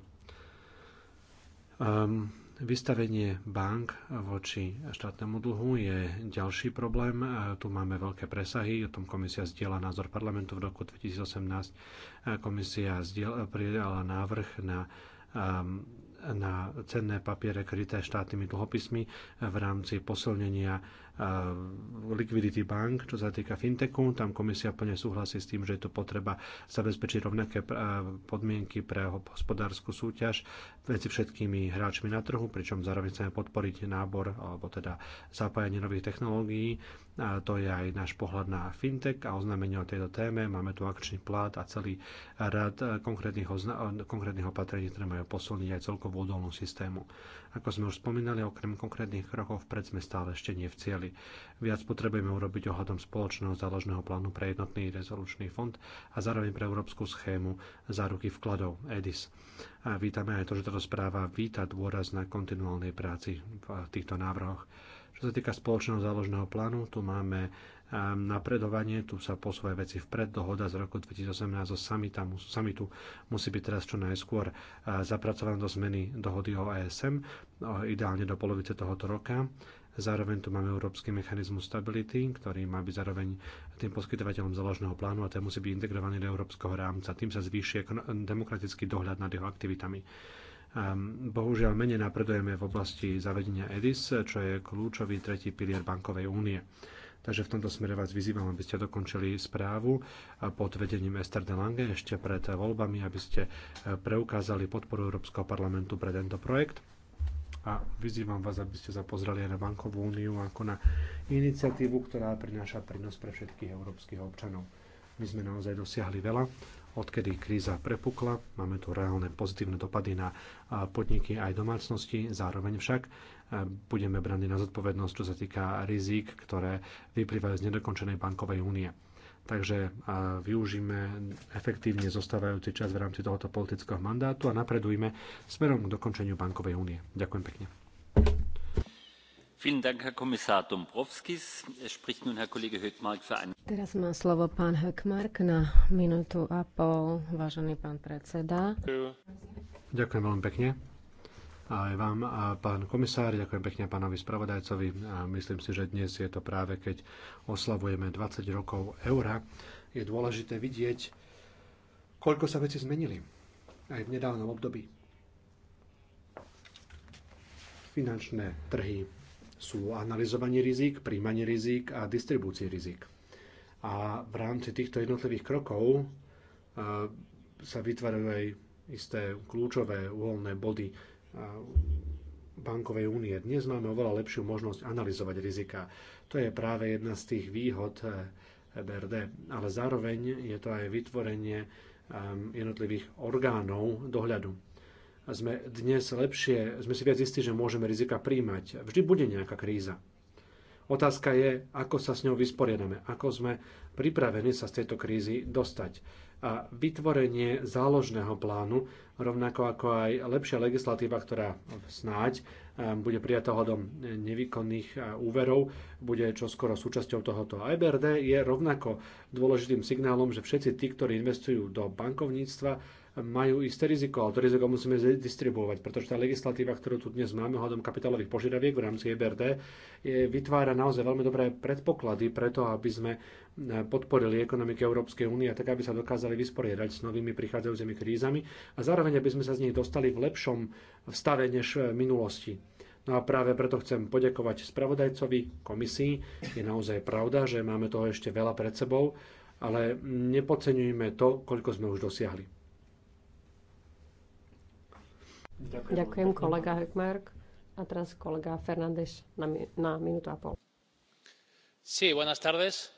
Um, Vystavenie bank voči štátnemu dlhu je ďalší problém. Tu máme veľké presahy, o tom komisia zdieľa názor parlamentu v roku 2018. Komisia zdieľa, prijala návrh na um, na cenné papiere kryté štátnymi dlhopismi v rámci posilnenia Eh, likvidity bank, čo sa týka fintechu. Tam komisia plne súhlasí s tým, že je to potreba zabezpečiť rovnaké eh, podmienky pre hospodárskú súťaž medzi všetkými hráčmi na trhu, pričom zároveň chceme podporiť nábor alebo teda zapájanie nových technológií. A to je aj náš pohľad na fintech a oznámenie o tejto téme. Máme tu akčný plát a celý rad eh, konkrétnych, konkrétnych opatrení, ktoré majú posilniť aj celkovú odolnú systému. Ako sme už spomínali, okrem konkrétnych krokov vpred sme stále ešte nie v cieli. Viac potrebujeme urobiť ohľadom spoločného záložného plánu pre jednotný rezolučný fond a zároveň pre európsku schému záruky vkladov EDIS. A vítame aj to, že táto správa víta dôraz na kontinuálnej práci v týchto návrhoch. Čo sa týka spoločného záložného plánu, tu máme Ehm, napredovanie. Tu sa posúvajú veci vpred. Dohoda z roku 2018 zo summita, samitu musí byť teraz čo najskôr zapracovaná do zmeny dohody o ESM, ideálne do polovice tohoto roka. Zároveň tu máme Európsky mechanizmus stability, ktorý má byť zároveň tým poskytovateľom záložného plánu a ten musí byť integrovaný do európskeho rámca. Tým sa zvýši demokratický dohľad nad jeho aktivitami. Ehm, bohužiaľ, menej napredujeme v oblasti zavedenia EDIS, čo je kľúčový tretí pilier bankovej únie. Takže v tomto smere vás vyzývam, aby ste dokončili správu pod vedením Ester de Lange ešte pred voľbami, aby ste e, preukázali podporu Európskeho parlamentu pre tento projekt a vyzývam vás, aby ste zapozreli aj na bankovú úniu ako na iniciatívu, ktorá prináša prínos pre všetkých európskych občanov. My sme naozaj dosiahli veľa odkedy kríza prepukla. Máme tu reálne pozitívne dopady na podniky aj domácnosti. Zároveň však budeme braní na zodpovednosť, čo sa týka rizík, ktoré vyplývajú z nedokončenej bankovej únie. Takže využíme efektívne zostávajúci čas v rámci tohoto politického mandátu a napredujme smerom k dokončeniu bankovej únie. Ďakujem pekne. Teraz má slovo pán Hökmark na minútu a pol, vážený pán predseda. Ďakujem veľmi pekne. aj vám, a pán komisár, ďakujem pekne pánovi spravodajcovi. A myslím si, že dnes je to práve, keď oslavujeme 20 rokov eura, je dôležité vidieť, koľko sa veci zmenili aj v nedávnom období. Finančné trhy, sú analyzovanie rizik, príjmanie rizik a distribúcie rizik. A v rámci týchto jednotlivých krokov e, sa vytvárajú aj isté kľúčové uholné body e, bankovej únie. Dnes máme oveľa lepšiu možnosť analyzovať rizika. To je práve jedna z tých výhod EBRD, e ale zároveň je to aj vytvorenie jednotlivých orgánov dohľadu sme dnes lepšie, sme si viac istí, že môžeme rizika príjmať. Vždy bude nejaká kríza. Otázka je, ako sa s ňou vysporiadame, ako sme pripravení sa z tejto krízy dostať. A vytvorenie záložného plánu, rovnako ako aj lepšia legislatíva, ktorá snáď ehm, bude prijatá hľadom nevýkonných e, úverov, bude čoskoro súčasťou tohoto. IBRD, e je rovnako dôležitým signálom, že všetci tí, ktorí investujú do bankovníctva, majú isté riziko a to riziko musíme distribuovať, pretože tá legislatíva, ktorú tu dnes máme hľadom kapitálových požiadaviek v rámci EBRD, je, vytvára naozaj veľmi dobré predpoklady preto, aby sme e, podporili ekonomiky Európskej únie, tak aby sa dokázali vysporiadať s novými prichádzajúcimi krízami a zároveň, aby sme sa z nich dostali v lepšom stave než v minulosti. No a práve preto chcem poďakovať spravodajcovi, komisii. Je naozaj pravda, že máme toho ešte veľa pred sebou, ale nepodceňujme to, koľko sme už dosiahli. Ďakujem, Ďakujem kolega Hökmark. A teraz kolega Fernández na, na minútu a pol. Sí, buenas tardes.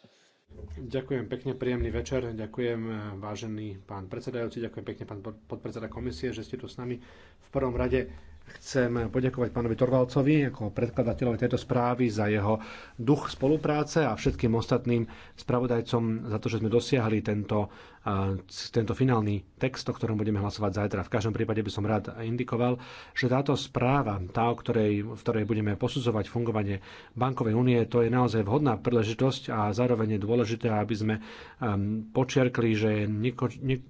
Ďakujem pekne, príjemný večer. Ďakujem, eh, vážený pán predsedajúci, ďakujem pekne, pán podpredseda komisie, že ste tu s nami. V prvom rade chcem poďakovať pánovi Torvalcovi ako predkladateľovi tejto správy za jeho duch spolupráce a všetkým ostatným spravodajcom za to, že sme dosiahli tento tento finálny text, o ktorom budeme hlasovať zajtra. V každom prípade by som rád indikoval, že táto správa, tá, o ktorej, v ktorej budeme posudzovať fungovanie bankovej únie, to je naozaj vhodná príležitosť a zároveň je dôležité, aby sme um, počiarkli, že je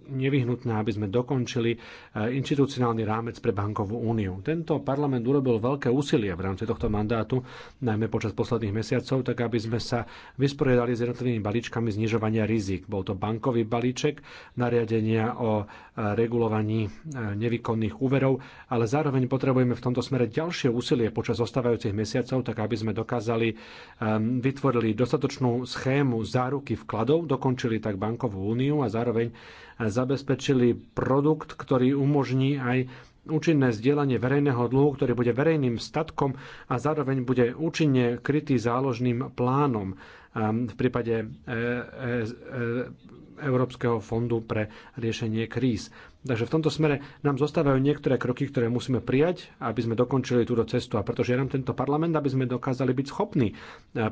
nevyhnutné, aby sme dokončili uh, inštitucionálny rámec pre bankovú úniu. Tento parlament urobil veľké úsilie v rámci tohto mandátu, najmä počas posledných mesiacov, tak aby sme sa vysporiadali s jednotlivými balíčkami znižovania rizik. Bol to bankový balíč, balíček nariadenia o e, regulovaní e, nevýkonných úverov, ale zároveň potrebujeme v tomto smere ďalšie úsilie počas ostávajúcich mesiacov, tak aby sme dokázali e, vytvorili dostatočnú schému záruky vkladov, dokončili tak bankovú úniu a zároveň zabezpečili produkt, ktorý umožní aj účinné zdieľanie verejného dlhu, ktorý bude verejným statkom a zároveň bude účinne krytý záložným plánom ehm, v prípade e, e, e, Európskeho fondu pre riešenie kríz. Takže v tomto smere nám zostávajú niektoré kroky, ktoré musíme prijať, aby sme dokončili túto cestu. A pretože nám tento parlament, aby sme dokázali byť schopní e,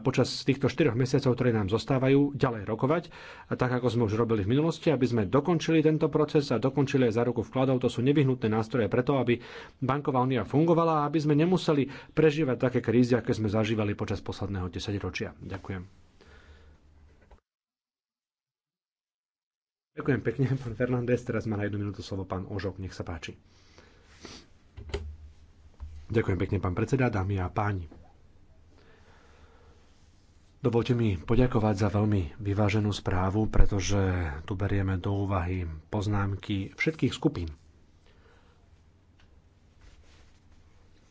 počas týchto 4 mesiacov, ktoré nám zostávajú, ďalej rokovať, a tak ako sme už robili v minulosti, aby sme dokončili tento proces a dokončili aj záruku vkladov. To sú nevyhnutné nástroje preto, aby banková únia fungovala a aby sme nemuseli prežívať také krízy, aké sme zažívali počas posledného 10 ročia. Ďakujem. Ďakujem pekne, pán Fernández. Teraz má na jednu minútu slovo pán Ožok. Nech sa páči. Ďakujem pekne, pán predseda, dámy a páni. Dovolte mi poďakovať za veľmi vyváženú správu, pretože tu berieme do úvahy poznámky všetkých skupín.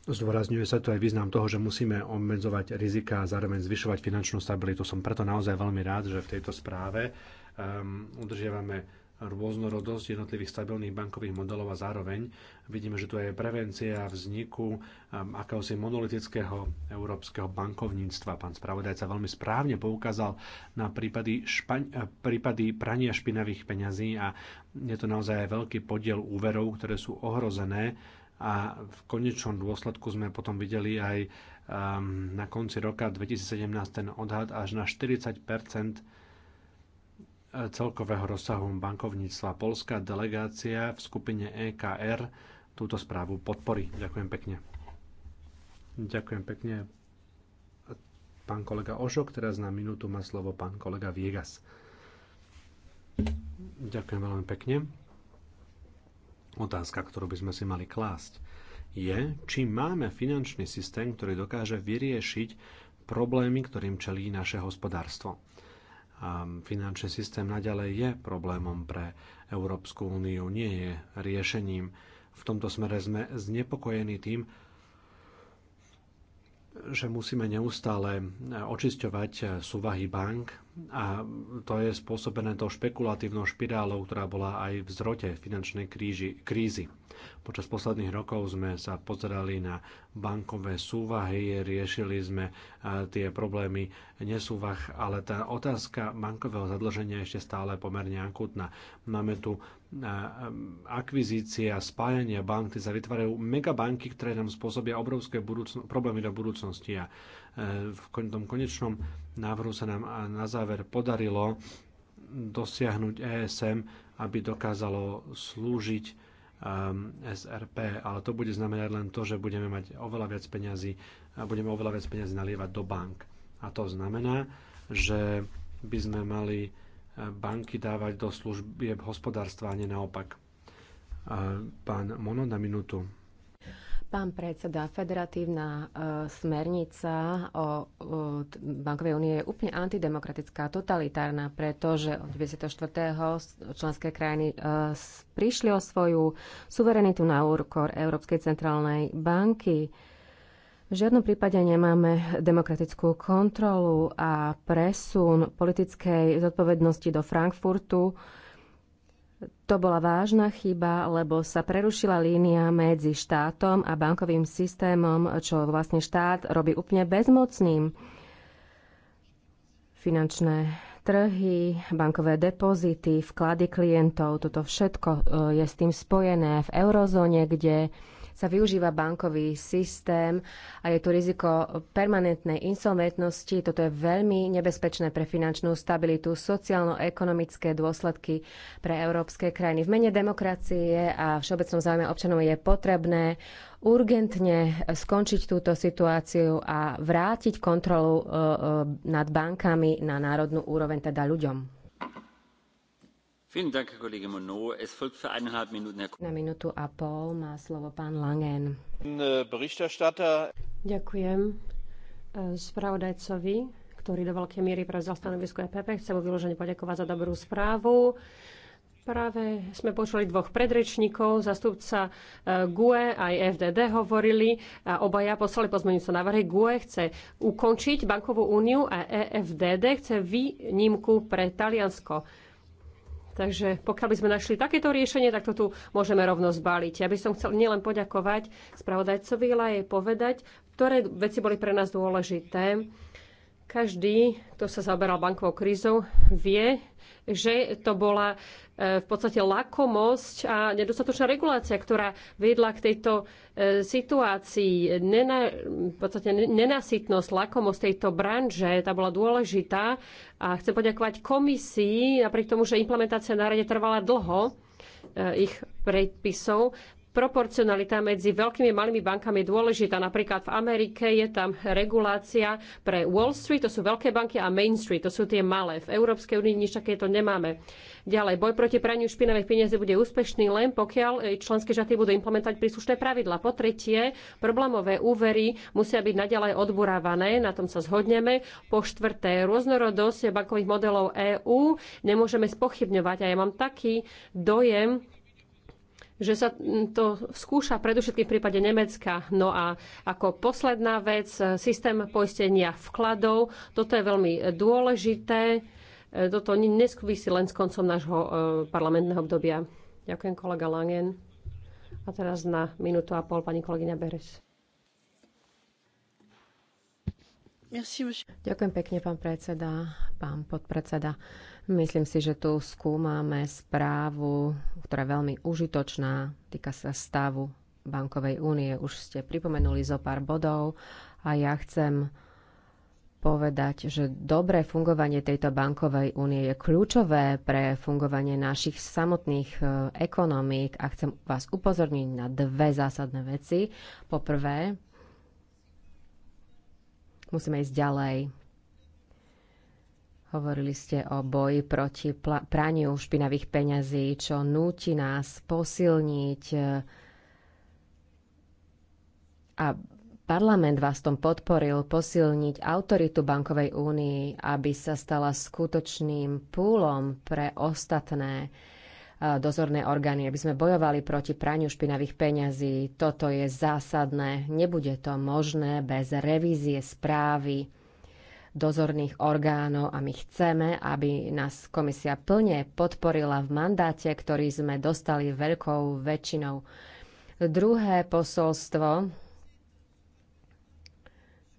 Zdôrazňuje sa tu aj význam toho, že musíme obmedzovať rizika a zároveň zvyšovať finančnú stabilitu. Som preto naozaj veľmi rád, že v tejto správe Ehm, udržiavame rôznorodosť jednotlivých stabilných bankových modelov a zároveň vidíme, že tu je prevencia vzniku ehm, akéhosi monolitického európskeho bankovníctva. Pán spravodajca veľmi správne poukázal na prípady, špaň, eh, prípady prania špinavých peňazí a je to naozaj veľký podiel úverov, ktoré sú ohrozené a v konečnom dôsledku sme potom videli aj ehm, na konci roka 2017 ten odhad až na 40 celkového rozsahu bankovníctva. Polská delegácia v skupine EKR túto správu podporí. Ďakujem pekne. Ďakujem pekne. Pán kolega Ošok, teraz na minútu má slovo pán kolega Viegas. Ďakujem veľmi pekne. Otázka, ktorú by sme si mali klásť, je, či máme finančný systém, ktorý dokáže vyriešiť problémy, ktorým čelí naše hospodárstvo finančný systém naďalej je problémom pre Európsku úniu, nie je riešením. V tomto smere sme znepokojení tým, že musíme neustále očisťovať súvahy bank a to je spôsobené tou špekulatívnou špirálou, ktorá bola aj v zrote finančnej kríži, krízy. Počas posledných rokov sme sa pozerali na bankové súvahy, riešili sme tie problémy nesúvah, ale tá otázka bankového zadlženia je ešte stále pomerne akutná. Máme tu akvizície a spájania banky sa vytvárajú megabanky, ktoré nám spôsobia obrovské budúcno- problémy do budúcnosti. A v tom konečnom návrhu sa nám na záver podarilo dosiahnuť ESM, aby dokázalo slúžiť um, SRP, ale to bude znamenať len to, že budeme mať oveľa viac peňazí a budeme oveľa viac peňazí nalievať do bank. A to znamená, že by sme mali e, banky dávať do služieb hospodárstva, a nie naopak. E, pán Mono na minútu. Pán predseda, federatívna e, smernica o bankovej únie je úplne antidemokratická, totalitárna, pretože od 94. členské krajiny e, prišli o svoju suverenitu na úrkor Európskej centrálnej banky. V žiadnom prípade nemáme demokratickú kontrolu a presun politickej zodpovednosti do Frankfurtu to bola vážna chyba, lebo sa prerušila línia medzi štátom a bankovým systémom, čo vlastne štát robí úplne bezmocným. Finančné trhy, bankové depozity, vklady klientov, toto všetko e, je s tým spojené v eurozóne, kde sa využíva bankový systém a je tu riziko permanentnej insolventnosti. Toto je veľmi nebezpečné pre finančnú stabilitu, sociálno-ekonomické dôsledky pre európske krajiny. V mene demokracie a všeobecnom záujme občanov je potrebné urgentne skončiť túto situáciu a vrátiť kontrolu e, e, nad bankami na národnú úroveň, teda ľuďom. Na minútu a pol má slovo pán Langen. E, Ďakujem e, spravodajcovi, ktorý do veľkej miery prevzal stanovisko EPP. Chcem mu vyložene poďakovať za dobrú správu. Práve sme počuli dvoch predrečníkov, zastupca GUE e aj FDD hovorili a obaja poslali pozmeňujúce návrhy. GUE chce ukončiť bankovú úniu a EFDD chce výnimku pre Taliansko. Takže pokiaľ by sme našli takéto riešenie, tak to tu môžeme rovno zbaliť. Ja by som chcel nielen poďakovať spravodajcovi, ale aj povedať, ktoré veci boli pre nás dôležité. Každý, kto sa zaberal bankovou krízou, vie, že to bola e, v podstate lakomosť a nedostatočná regulácia, ktorá viedla k tejto e, situácii. Nena, v podstate nenasytnosť, lakomosť tejto branže, tá bola dôležitá a chcem poďakovať komisii, napriek tomu, že implementácia nárade trvala dlho, e, ich predpisov. Proporcionalita medzi veľkými a malými bankami je dôležitá. Napríklad v Amerike je tam regulácia pre Wall Street, to sú veľké banky, a Main Street, to sú tie malé. V Európskej únii nič takéto nemáme. Ďalej, boj proti praniu špinavých peniazí bude úspešný len pokiaľ eh, členské štáty budú implementovať príslušné pravidla. Po tretie, problémové úvery musia byť naďalej odburávané, na tom sa zhodneme. Po štvrté, rôznorodosť bankových modelov EÚ nemôžeme spochybňovať a ja mám taký dojem, že sa to skúša predovšetkým v prípade Nemecka. No a ako posledná vec, systém poistenia vkladov. Toto je veľmi dôležité. Toto nesúvisí len s koncom nášho e, parlamentného obdobia. Ďakujem, kolega Langen. A teraz na minútu a pol pani kolegyňa Beres. Ďakujem pekne, pán predseda, pán podpredseda. Myslím si, že tu skúmame správu, ktorá je veľmi užitočná, týka sa stavu bankovej únie. Už ste pripomenuli zo pár bodov a ja chcem povedať, že dobré fungovanie tejto bankovej únie je kľúčové pre fungovanie našich samotných e, ekonomík a chcem vás upozorniť na dve zásadné veci. Poprvé, musíme ísť ďalej Hovorili ste o boji proti praniu špinavých peňazí, čo núti nás posilniť a parlament vás tom podporil posilniť autoritu Bankovej únii, aby sa stala skutočným púlom pre ostatné e, dozorné orgány, aby sme bojovali proti praniu špinavých peňazí. Toto je zásadné. Nebude to možné bez revízie správy dozorných orgánov a my chceme, aby nás komisia plne podporila v mandáte, ktorý sme dostali veľkou väčšinou. Druhé posolstvo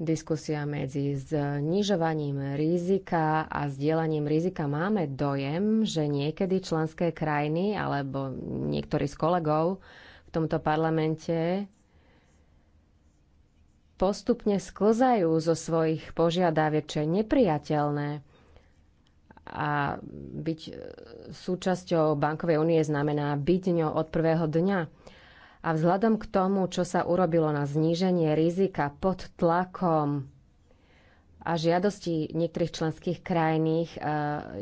diskusia medzi znižovaním rizika a zdieľaním rizika máme dojem, že niekedy členské krajiny alebo niektorí z kolegov v tomto parlamente postupne sklzajú zo svojich požiadaviek, čo je nepriateľné. A byť súčasťou bankovej únie znamená byť ňou od prvého dňa. A vzhľadom k tomu, čo sa urobilo na zníženie rizika pod tlakom a žiadosti niektorých členských krajiných, e,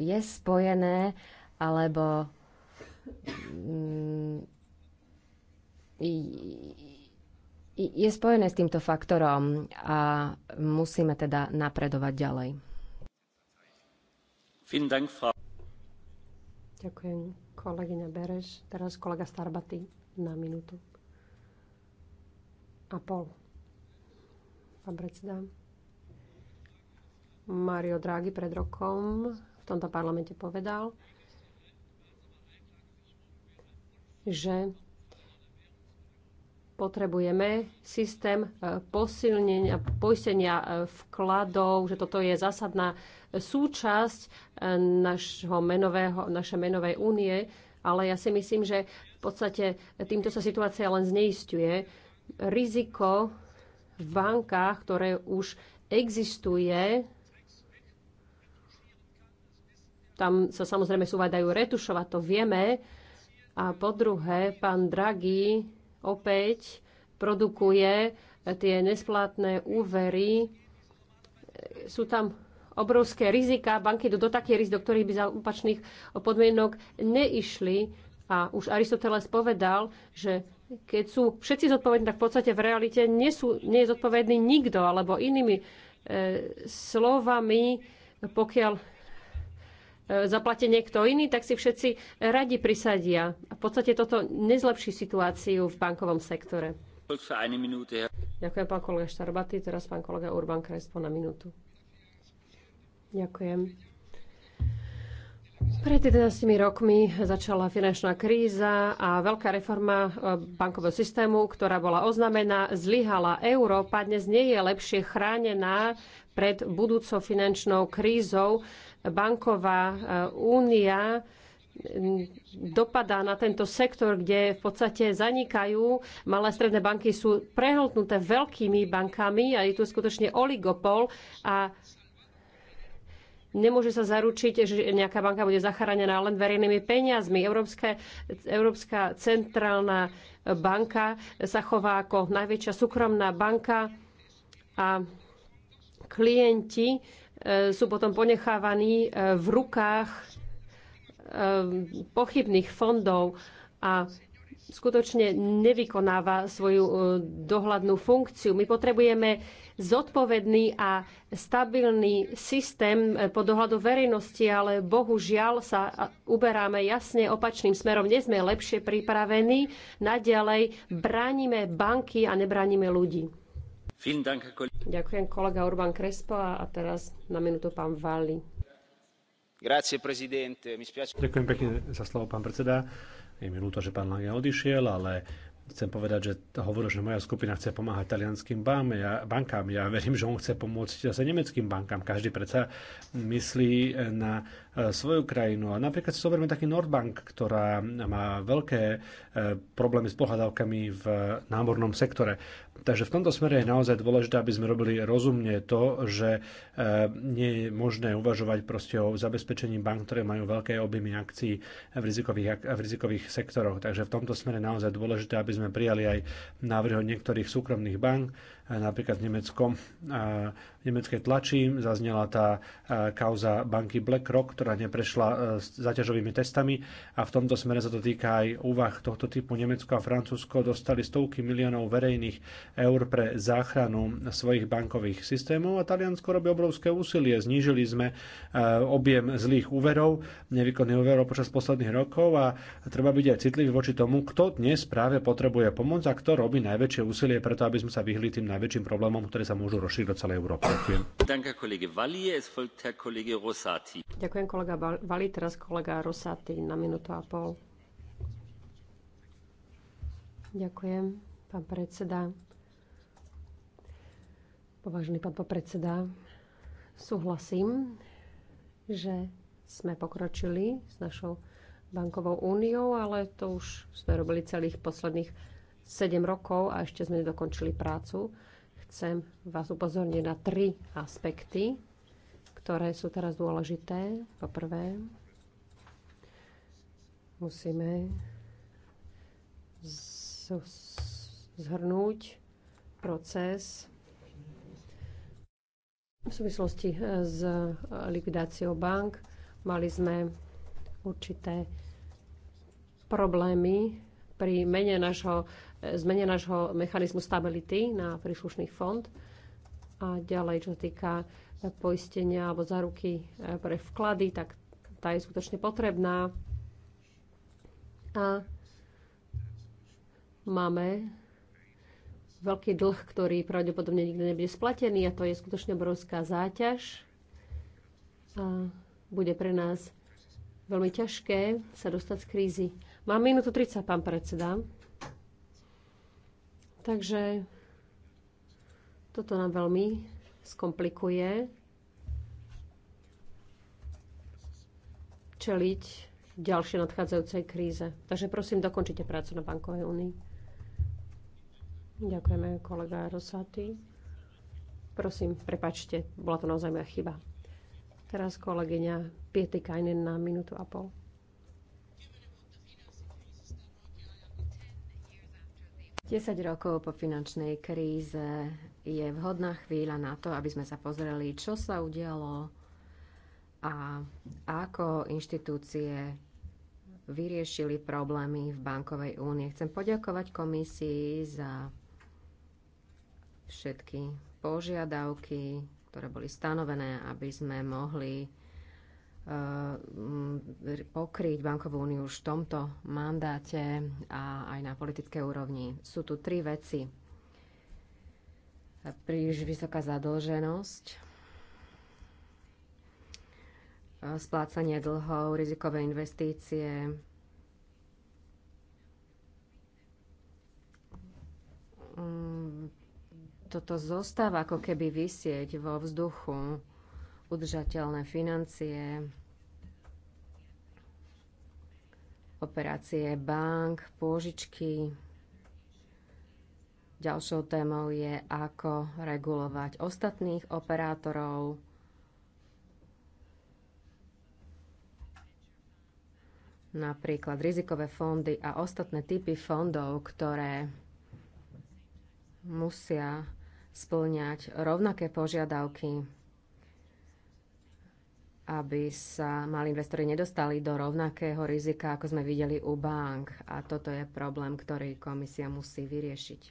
je spojené alebo mm, je spojené s týmto faktorom a musíme teda napredovať ďalej. Ďakujem, kolegyňa Bereš. Teraz kolega Starbaty na minútu a pol. Pán predseda. Mario Draghi pred rokom v tomto parlamente povedal, že potrebujeme systém e, posilnenia, poistenia e, vkladov, že toto je zásadná súčasť e, našho menového, našej menovej únie, ale ja si myslím, že v podstate týmto sa situácia len zneistuje. Riziko v bankách, ktoré už existuje, tam sa samozrejme súvadajú retušovať, to vieme. A po druhé, pán Draghi opäť produkuje tie nesplatné úvery. Sú tam obrovské rizika. Banky idú do takých rizik, do ktorých by za úpačných podmienok neišli. A už Aristoteles povedal, že keď sú všetci zodpovední, tak v podstate v realite nie, sú, nie je zodpovedný nikto, alebo inými e, slovami, pokiaľ E, zaplatí niekto iný, tak si všetci radi prisadia. A v podstate toto nezlepší situáciu v bankovom sektore. Ďakujem, pán kolega Štarbaty. Teraz pán kolega Urban Krespo na minútu. Ďakujem. Pred 11 rokmi začala finančná kríza a veľká reforma e, bankového systému, ktorá bola oznamená, zlyhala. Európa dnes nie je lepšie chránená pred budúcou finančnou krízou banková e, únia dopadá na tento sektor, kde v podstate zanikajú. Malé stredné banky sú prehltnuté veľkými bankami a je tu skutočne oligopol a nemôže sa zaručiť, že nejaká banka bude zachránená len verejnými peniazmi. Európska, Európska centrálna banka sa chová ako najväčšia súkromná banka a klienti E, sú potom ponechávaní e, v rukách e, pochybných fondov a skutočne nevykonáva svoju dohľadnú funkciu. My potrebujeme zodpovedný a stabilný systém pod dohľadu verejnosti, ale bohužiaľ sa uberáme jasne opačným smerom. Nie sme lepšie pripravení, naďalej bránime banky a nebránime ľudí. Ďakujem kolega Urban Crespo a teraz na minútu pán Valli. Ďakujem pekne za slovo, pán predseda. Je mi ľúto, že pán Lange odišiel, ale chcem povedať, že hovoril, že moja skupina chce pomáhať talianským bankám. Ja verím, že on chce pomôcť zase nemeckým bankám. Každý predsa myslí na E, svoju krajinu. A napríklad si zoberieme taký Nordbank, ktorá má veľké e, problémy s pohľadávkami v námornom sektore. Takže v tomto smere je naozaj dôležité, aby sme robili rozumne to, že e, nie je možné uvažovať proste o zabezpečení bank, ktoré majú veľké objemy akcií v rizikových, v rizikových sektoroch. Takže v tomto smere je naozaj dôležité, aby sme prijali aj návrhy od niektorých súkromných bank, napríklad v Nemeckom, v nemeckej tlači zaznela tá kauza banky BlackRock, ktorá neprešla e, s zaťažovými testami a v tomto smere sa to týka aj úvah tohto typu. Nemecko a Francúzsko dostali stovky miliónov verejných eur pre záchranu svojich bankových systémov a Taliansko robí obrovské úsilie. Znížili sme e, objem zlých úverov, nevykonných úverov počas posledných rokov a treba byť aj citlivý voči tomu, kto dnes práve potrebuje pomoc a kto robí najväčšie úsilie preto, aby sme sa vyhli tým najväčším problémom, ktoré sa môžu rozšíriť do celej Európy. Ďakujem. Ďakujem kolega Vali, teraz kolega Rosati na minútu a pol. Ďakujem, pán predseda. pán popredseda, súhlasím, že sme pokročili s našou bankovou úniou, ale to už sme robili celých posledných 7 rokov a ešte sme nedokončili prácu. Chcem vás upozorniť na tri aspekty, ktoré sú teraz dôležité. Po prvé, musíme zhrnúť proces v súvislosti eh, s eh, likvidáciou bank. Mali sme určité problémy pri mene našho, e, zmene nášho mechanizmu stability na príslušný fond a ďalej, čo týka e, poistenia alebo záruky e, pre vklady, tak tá je skutočne potrebná. A máme veľký dlh, ktorý pravdepodobne nikdy nebude splatený a to je skutočne obrovská záťaž. A bude pre nás veľmi ťažké sa dostať z krízy. Mám minútu 30, pán predseda. Takže toto nám veľmi skomplikuje čeliť ďalšie nadchádzajúcej kríze. Takže prosím, dokončite prácu na bankovej únii. Ďakujeme, kolega Rosaty. Prosím, prepačte, bola to naozaj moja chyba. Teraz kolegyňa Piety na minútu a pol. 10 rokov po finančnej kríze je vhodná chvíľa na to, aby sme sa pozreli, čo sa udialo a ako inštitúcie vyriešili problémy v bankovej únie. Chcem poďakovať komisii za všetky požiadavky, ktoré boli stanovené, aby sme mohli Eh, pokryť bankovú úniu už v tomto mandáte a aj na politickej úrovni. Sú tu tri veci. Príliš vysoká zadlženosť, eh, splácanie dlhov, rizikové investície, mm, toto zostáva ako keby vysieť vo vzduchu udržateľné financie, operácie bank, pôžičky. Ďalšou témou je, ako regulovať ostatných operátorov, napríklad rizikové fondy a ostatné typy fondov, ktoré musia splňať rovnaké požiadavky aby sa mali investori nedostali do rovnakého rizika, ako sme videli u bank. A toto je problém, ktorý komisia musí vyriešiť.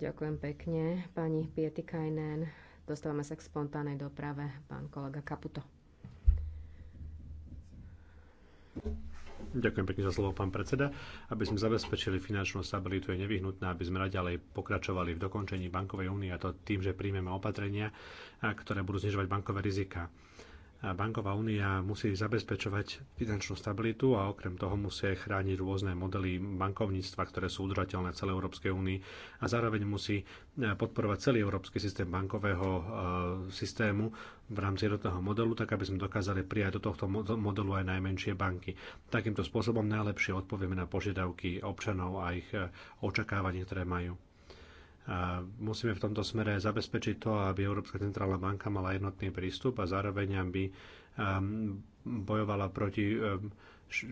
Ďakujem pekne, pani Kajnen, Dostávame sa k spontánnej doprave, pán kolega Kaputo. Ďakujem pekne za slovo, pán predseda. Aby sme zabezpečili finančnú stabilitu, je nevyhnutné, aby sme naďalej pokračovali v dokončení bankovej únie a to tým, že príjmeme opatrenia, ktoré budú znižovať bankové rizika banková únia musí zabezpečovať finančnú stabilitu a okrem toho musí chrániť rôzne modely bankovníctva, ktoré sú udržateľné celej Európskej únii a zároveň musí e, podporovať celý európsky systém bankového e, systému v rámci jednotného modelu, tak aby sme dokázali prijať do tohto modelu aj najmenšie banky. Takýmto spôsobom najlepšie odpovieme na požiadavky občanov a ich e, očakávanie, ktoré majú. A musíme v tomto smere zabezpečiť to, aby Európska centrálna banka mala jednotný prístup a zároveň aby um, bojovala proti um,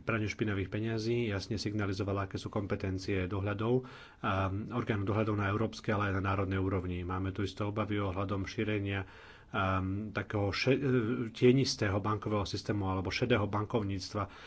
praniu špinavých peňazí, jasne signalizovala, aké sú kompetencie dohľadov, um, orgánov dohľadov na európskej, ale aj na národnej úrovni. Máme tu isté obavy ohľadom šírenia takého še- uh, tienistého bankového systému alebo šedého bankovníctva,